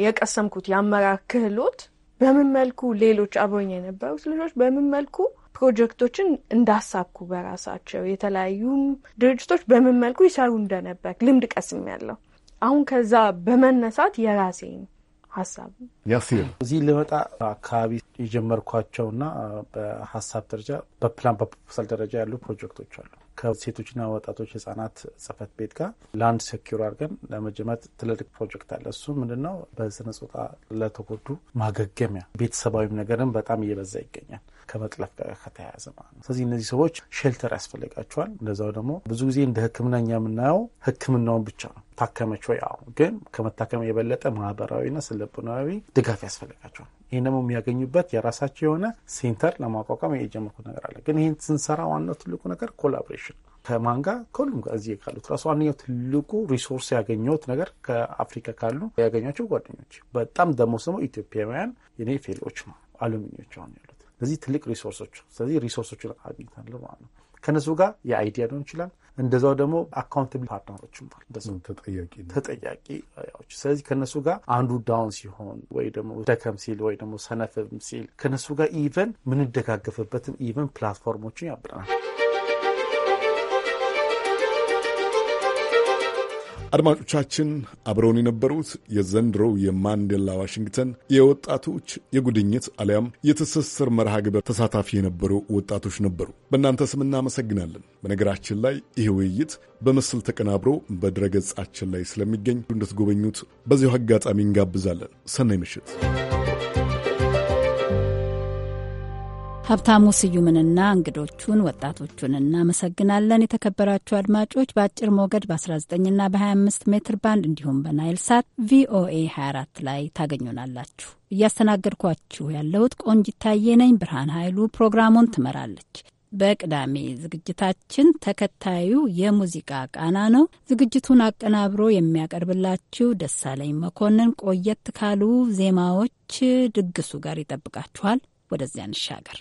የቀሰምኩት የአመራር ክህሎት በምን መልኩ ሌሎች አብሮኝ የነበሩት ልጆች በምን መልኩ ፕሮጀክቶችን እንዳሳኩ በራሳቸው የተለያዩም ድርጅቶች በምን መልኩ ይሰሩ እንደነበር ልምድ ቀስም ያለው አሁን ከዛ በመነሳት የራሴን ሀሳብ ያሲር እዚህ ልመጣ አካባቢ የጀመርኳቸውና በሀሳብ ደረጃ በፕላን በፕሮፖሳል ደረጃ ያሉ ፕሮጀክቶች አሉ። ከሴቶችና ወጣቶች ህጻናት ጽህፈት ቤት ጋር ላንድ ሴኪር አድርገን ለመጀመር ትልልቅ ፕሮጀክት አለ። እሱ ምንድነው? በስነ ጾታ ለተጎዱ ማገገሚያ ቤተሰባዊም ነገርም በጣም እየበዛ ይገኛል። ከመጥለፍ ጋር ከተያያዘ ማለት ነው። ስለዚህ እነዚህ ሰዎች ሼልተር ያስፈልጋቸዋል። እንደዛው ደግሞ ብዙ ጊዜ እንደ ሕክምና እኛ የምናየው ሕክምናውን ብቻ ነው። ታከመች ወይ? አዎ። ግን ከመታከም የበለጠ ማህበራዊና ስነልቦናዊ ድጋፍ ያስፈልጋቸዋል። ይህን ደግሞ የሚያገኙበት የራሳቸው የሆነ ሴንተር ለማቋቋም የጀመርኩት ነገር አለ። ግን ይህን ስንሰራ ዋናው ትልቁ ነገር ኮላቦሬሽን ከማን ጋር ከሁሉም ጋር እዚህ ካሉት ራሱ ዋነኛው ትልቁ ሪሶርስ ያገኘሁት ነገር ከአፍሪካ ካሉ ያገኟቸው ጓደኞች በጣም ደግሞ ስሞ ኢትዮጵያውያን የኔ ፌሎች አሉሚኒዎች አሁን ያሉ እነዚህ ትልቅ ሪሶርሶች ስለዚህ ሪሶርሶች አግኝታለሁ ማለት ነው። ከነሱ ጋር የአይዲያ ሊሆን ይችላል። እንደዛው ደግሞ አካውንታብል ተጠያቂ ተጠያቂዎች። ስለዚህ ከነሱ ጋር አንዱ ዳውን ሲሆን ወይ ደግሞ ደከም ሲል ወይ ደግሞ ሰነፍም ሲል ከነሱ ጋር ኢቨን ምንደጋገፍበትን ኢቨን ፕላትፎርሞችን ያብረናል። አድማጮቻችን አብረውን የነበሩት የዘንድሮው የማንዴላ ዋሽንግተን የወጣቶች የጉድኝት አሊያም የትስስር መርሃ ግብር ተሳታፊ የነበሩ ወጣቶች ነበሩ። በእናንተ ስም እናመሰግናለን። በነገራችን ላይ ይህ ውይይት በምስል ተቀናብሮ በድረገጻችን ላይ ስለሚገኝ እንድትጎበኙት በዚሁ አጋጣሚ እንጋብዛለን። ሰናይ ምሽት። ሀብታሙ ስዩምንና እንግዶቹን ወጣቶቹን እናመሰግናለን። የተከበራችሁ አድማጮች በአጭር ሞገድ በ19ና በ25 ሜትር ባንድ እንዲሁም በናይል ሳት ቪኦኤ 24 ላይ ታገኙናላችሁ። እያስተናገድኳችሁ ያለሁት ቆንጅ ታዬ ነኝ። ብርሃን ኃይሉ ፕሮግራሙን ትመራለች። በቅዳሜ ዝግጅታችን ተከታዩ የሙዚቃ ቃና ነው። ዝግጅቱን አቀናብሮ የሚያቀርብላችሁ ደሳለኝ መኮንን ቆየት ካሉ ዜማዎች ድግሱ ጋር ይጠብቃችኋል። ወደዚያ እንሻገር።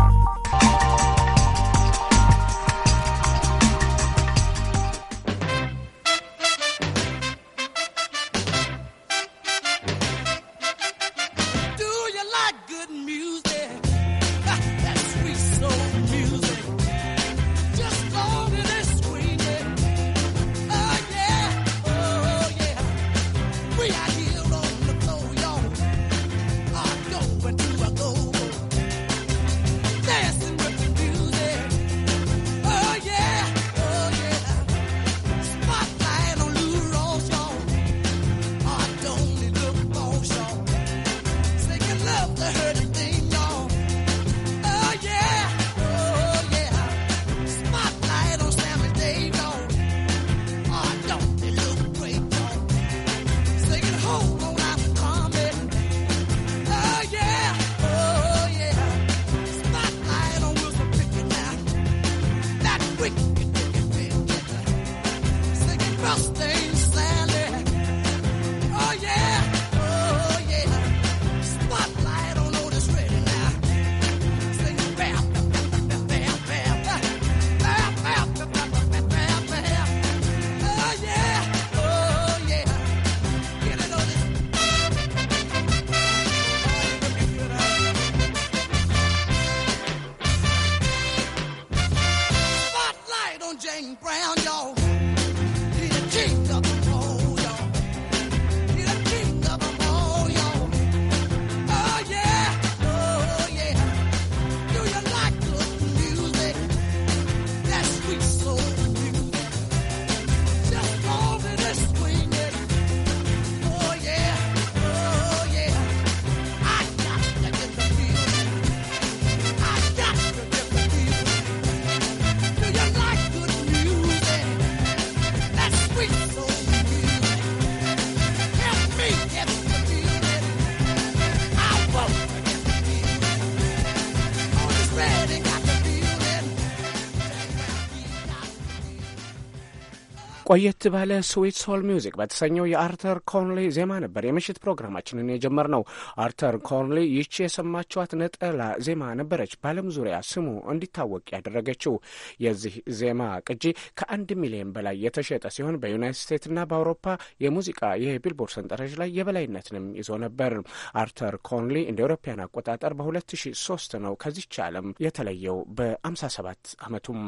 quick. Oye. ለየት ባለ ስዊት ሶል ሚውዚክ በተሰኘው የአርተር ኮንሊ ዜማ ነበር የምሽት ፕሮግራማችንን የጀመርነው። አርተር ኮንሊ ይቺ የሰማችኋት ነጠላ ዜማ ነበረች በዓለም ዙሪያ ስሙ እንዲታወቅ ያደረገችው። የዚህ ዜማ ቅጂ ከአንድ ሚሊዮን በላይ የተሸጠ ሲሆን በዩናይትድ ስቴትስና በአውሮፓ የሙዚቃ የቢልቦርድ ሰንጠረዥ ላይ የበላይነትንም ይዞ ነበር። አርተር ኮንሊ እንደ አውሮፓውያን አቆጣጠር በ2003 ነው ከዚች ዓለም የተለየው በ57 ዓመቱም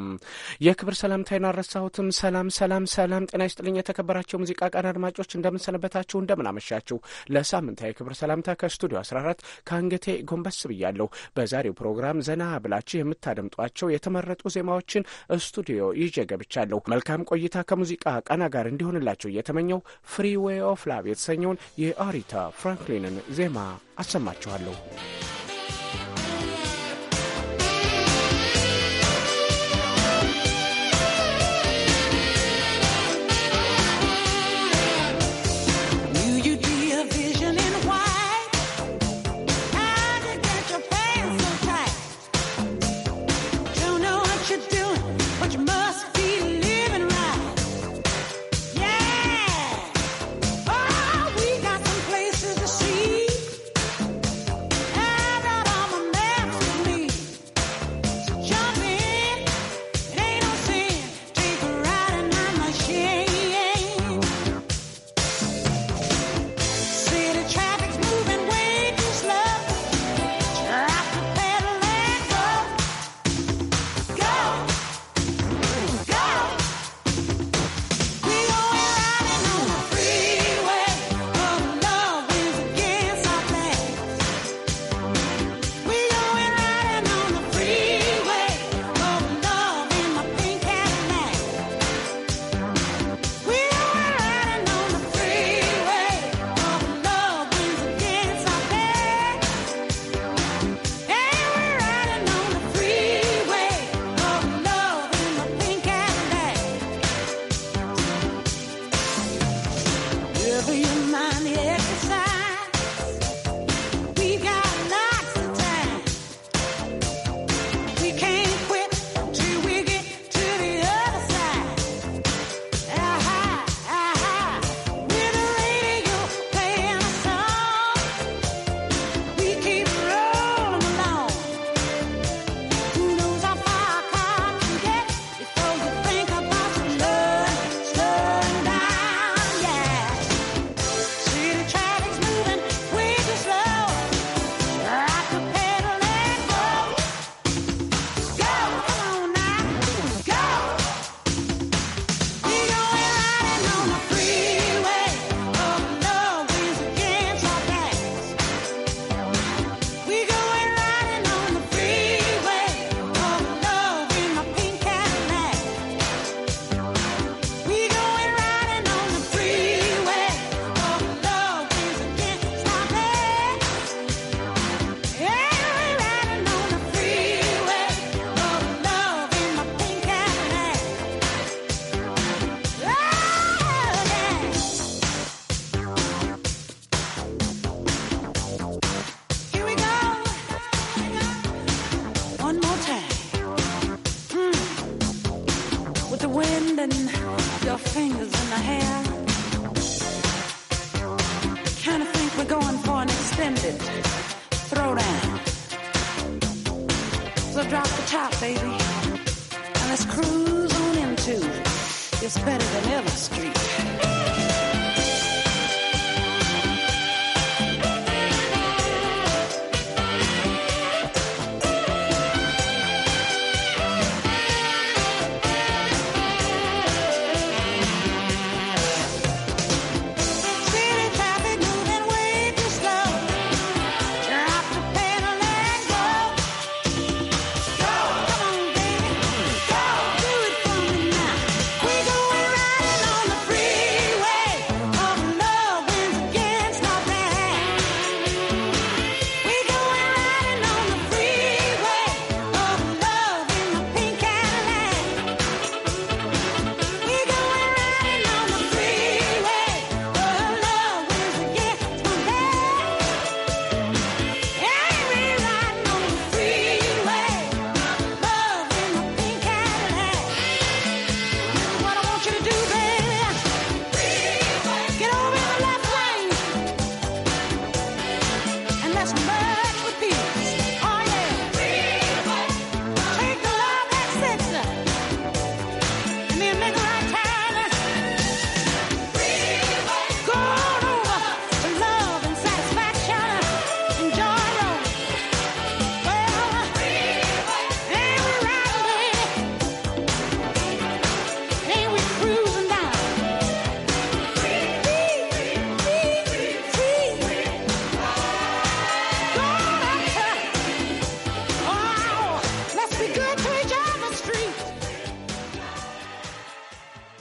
የክብር ሰላምታይን አረሳሁትም። ሰላም ሰላም ሰላም ጤና ጤና ይስጥልኝ የተከበራቸው የሙዚቃ ቃን አድማጮች እንደምንሰነበታችሁ እንደምናመሻችሁ። ለሳምንታዊ ክብር ሰላምታ ከስቱዲዮ 14 ከአንገቴ ጎንበስ ብያለሁ። በዛሬው ፕሮግራም ዘና ብላችሁ የምታደምጧቸው የተመረጡ ዜማዎችን ስቱዲዮ ይዤ ገብቻለሁ። መልካም ቆይታ ከሙዚቃ ቃና ጋር እንዲሆንላቸው እየተመኘው ፍሪ ዌይ ኦፍ ላቭ የተሰኘውን የአሪታ ፍራንክሊንን ዜማ አሰማችኋለሁ።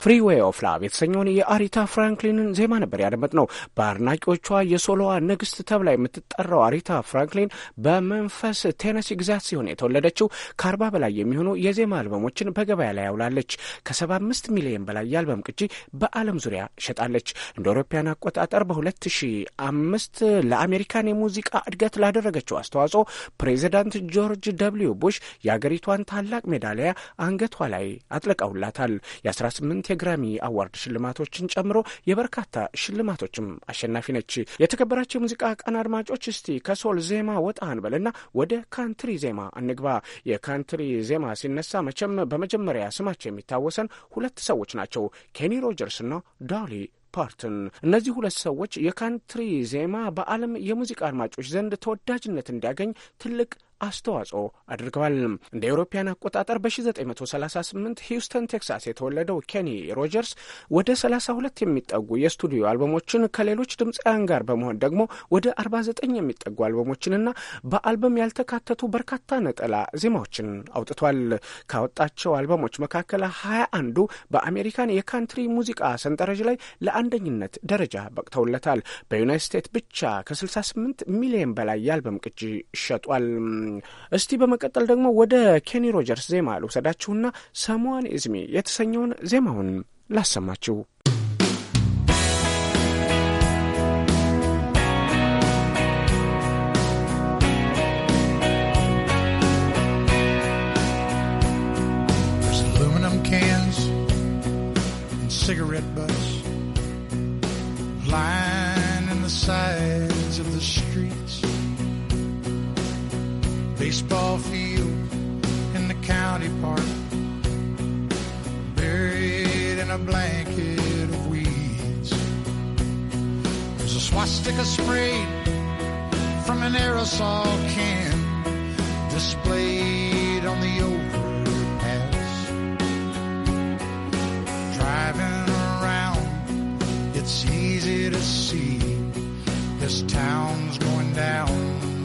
ፍሪዌይ ኦፍ ላቭ የተሰኘውን የአሪታ ፍራንክሊንን ዜማ ነበር ያደመጥ ነው። በአድናቂዎቿ የሶሎዋ ንግስት ተብላ የምትጠራው አሪታ ፍራንክሊን በመንፈስ ቴነሲ ግዛት ሲሆን የተወለደችው ከአርባ በላይ የሚሆኑ የዜማ አልበሞችን በገበያ ላይ ያውላለች። ከሰባ አምስት ሚሊዮን በላይ የአልበም ቅጂ በዓለም ዙሪያ ሸጣለች። እንደ አውሮፓውያን አቆጣጠር በሁለት ሺ አምስት ለአሜሪካን የሙዚቃ እድገት ላደረገችው አስተዋጽኦ ፕሬዚዳንት ጆርጅ ደብልዩ ቡሽ የአገሪቷን ታላቅ ሜዳሊያ አንገቷ ላይ አጥለቀውላታል። የ18 የግራሚ አዋርድ ሽልማቶችን ጨምሮ የበርካታ ሽልማቶችም አሸናፊ ነች። የተከበራቸው የሙዚቃ ቀን አድማጮች፣ እስቲ ከሶል ዜማ ወጣ እንበልና ወደ ካንትሪ ዜማ እንግባ። የካንትሪ ዜማ ሲነሳ መቼም በመጀመሪያ ስማቸው የሚታወሰን ሁለት ሰዎች ናቸው፣ ኬኒ ሮጀርስና ዳሊ ፓርትን። እነዚህ ሁለት ሰዎች የካንትሪ ዜማ በዓለም የሙዚቃ አድማጮች ዘንድ ተወዳጅነት እንዲያገኝ ትልቅ አስተዋጽኦ አድርገዋል። እንደ አውሮፓውያን አቆጣጠር በ1938 ሂውስተን ቴክሳስ የተወለደው ኬኒ ሮጀርስ ወደ 32 የሚጠጉ የስቱዲዮ አልበሞችን ከሌሎች ድምፃውያን ጋር በመሆን ደግሞ ወደ 49 የሚጠጉ አልበሞችንና በአልበም ያልተካተቱ በርካታ ነጠላ ዜማዎችን አውጥቷል። ካወጣቸው አልበሞች መካከል ሀያ አንዱ በአሜሪካን የካንትሪ ሙዚቃ ሰንጠረዥ ላይ ለአንደኝነት ደረጃ በቅተውለታል። በዩናይት ስቴትስ ብቻ ከ68 ሚሊዮን በላይ የአልበም ቅጂ ሸጧል። እስቲ በመቀጠል ደግሞ ወደ ኬኒ ሮጀርስ ዜማ ልውሰዳችሁና ሰሞን ኢዝሚ የተሰኘውን ዜማውን ላሰማችሁ። baseball field in the county park, buried in a blanket of weeds. There's a swastika sprayed from an aerosol can displayed on the overpass. Driving around, it's easy to see this town's going down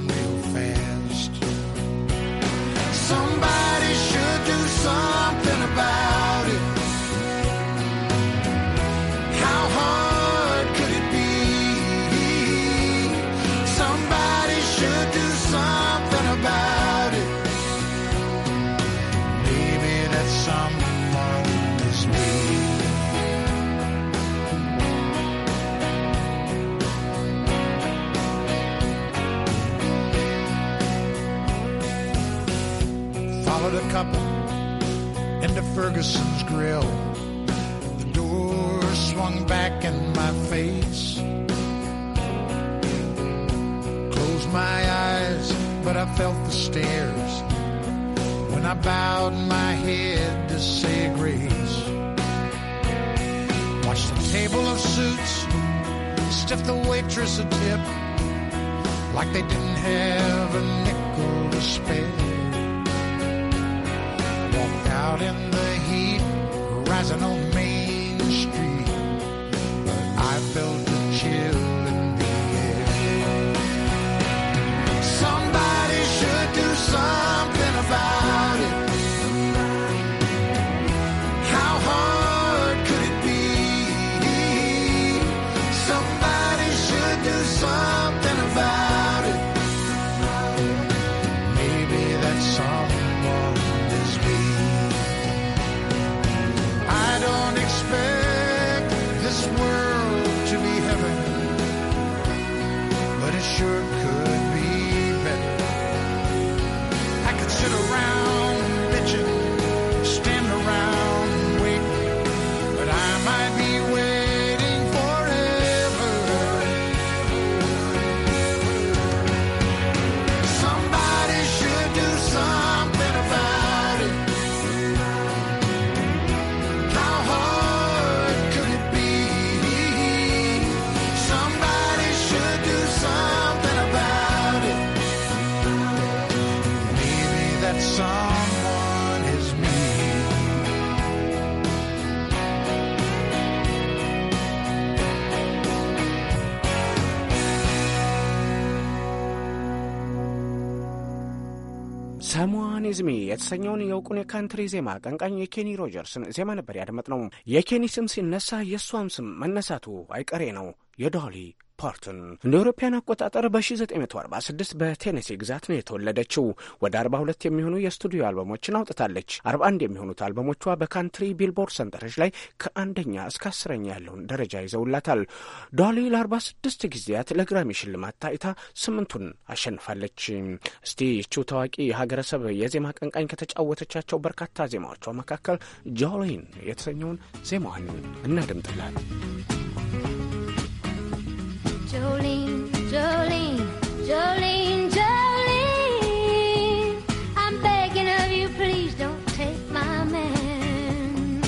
real fast somebody Ferguson's grill. The door swung back in my face. Closed my eyes, but I felt the stares. When I bowed my head to say grace. Watched the table of suits, stiff the waitress a tip, like they didn't have a nickel to spare out in the heat, rising on Main Street. But I felt ዝሚ ሚ የተሰኘውን የእውቁን የካንትሪ ዜማ አቀንቃኝ የኬኒ ሮጀርስን ዜማ ነበር ያደመጥነው። የኬኒ ስም ሲነሳ የእሷም ስም መነሳቱ አይቀሬ ነው። የዶሊ ፓርትን እንደ አውሮፓውያን አቆጣጠር በ1946 በቴኔሲ ግዛት ነው የተወለደችው። ወደ 42 የሚሆኑ የስቱዲዮ አልበሞችን አውጥታለች። 41 የሚሆኑት አልበሞቿ በካንትሪ ቢልቦርድ ሰንጠረዥ ላይ ከአንደኛ እስከ አስረኛ ያለውን ደረጃ ይዘውላታል። ዶሊ ለ46 ጊዜያት ለግራሚ ሽልማት ታይታ ስምንቱን አሸንፋለች። እስቲ ይቺው ታዋቂ የሀገረሰብ የዜማ አቀንቃኝ ከተጫወተቻቸው በርካታ ዜማዎቿ መካከል ጆሊን የተሰኘውን ዜማዋን እናድምጥላል። Jolene, Jolene, Jolene, Jolene. I'm begging of you, please don't take my man.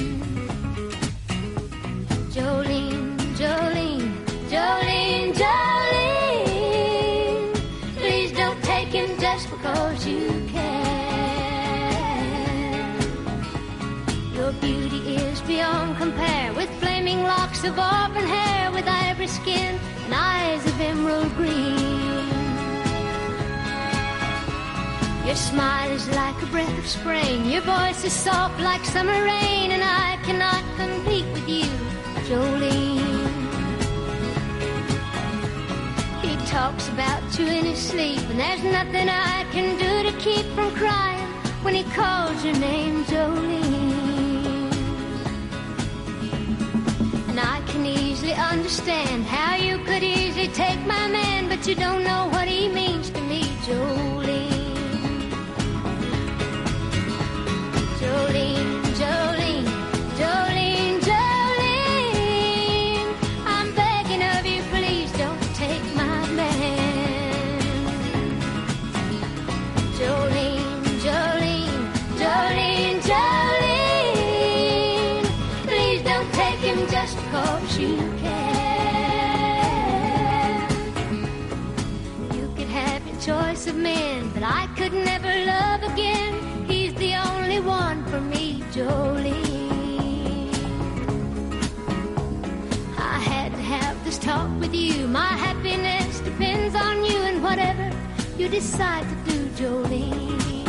Jolene, Jolene, Jolene, Jolene. Please don't take him just because you can. Your beauty is beyond compare with flaming locks of auburn hair with ivory skin eyes of emerald green. Your smile is like a breath of spring, your voice is soft like summer rain, and I cannot compete with you, Jolene. He talks about you in his sleep, and there's nothing I can do to keep from crying when he calls your name, Jolene. can easily understand how you could easily take my man, but you don't know what he means to me, Jolene. Jolene. depends on you and whatever you decide to do, Jolene.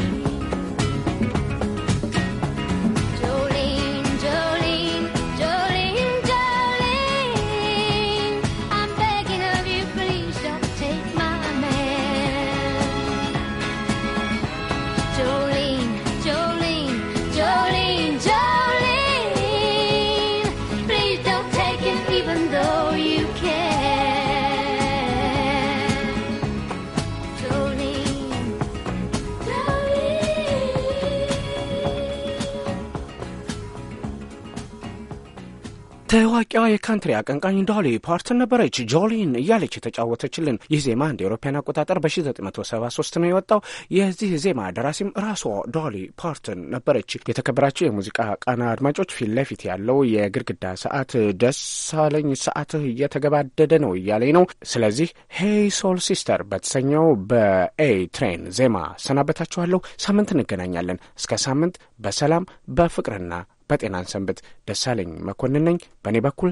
ታዋቂዋ የካንትሪ አቀንቃኝ ዶሊ ፓርትን ነበረች ጆሊን እያለች የተጫወተችልን። ይህ ዜማ እንደ ኤሮፓያን አቆጣጠር በ1973 ነው የወጣው። የዚህ ዜማ ደራሲም ራሷ ዶሊ ፓርትን ነበረች። የተከበራቸው የሙዚቃ ቃና አድማጮች፣ ፊት ለፊት ያለው የግድግዳ ሰዓት ደሳለኝ ሰዓት እየተገባደደ ነው እያለኝ ነው። ስለዚህ ሄይ ሶል ሲስተር በተሰኘው በኤ ትሬን ዜማ ሰናበታችኋለሁ። ሳምንት እንገናኛለን። እስከ ሳምንት በሰላም በፍቅርና በጤናን ሰንበት። ደሳለኝ መኮንን ነኝ። በእኔ በኩል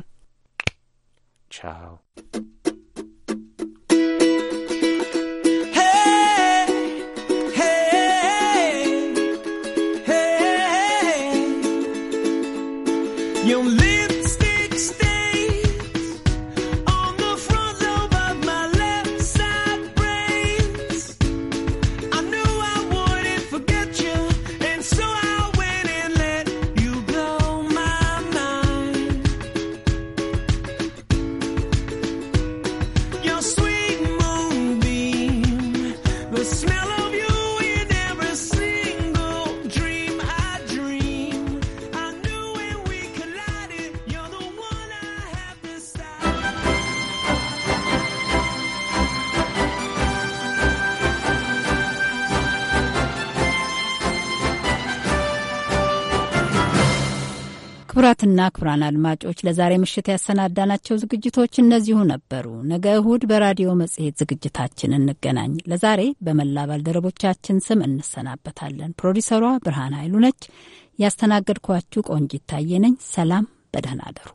ቻው። you ክቡራትና ክቡራን አድማጮች ለዛሬ ምሽት ያሰናዳናቸው ዝግጅቶች እነዚሁ ነበሩ። ነገ እሁድ በራዲዮ መጽሔት ዝግጅታችን እንገናኝ። ለዛሬ በመላ ባልደረቦቻችን ስም እንሰናበታለን። ፕሮዲሰሯ ብርሃን ኃይሉ ነች። ያስተናገድኳችሁ ቆንጂት ታየ ነኝ። ሰላም፣ በደህና አደሩ።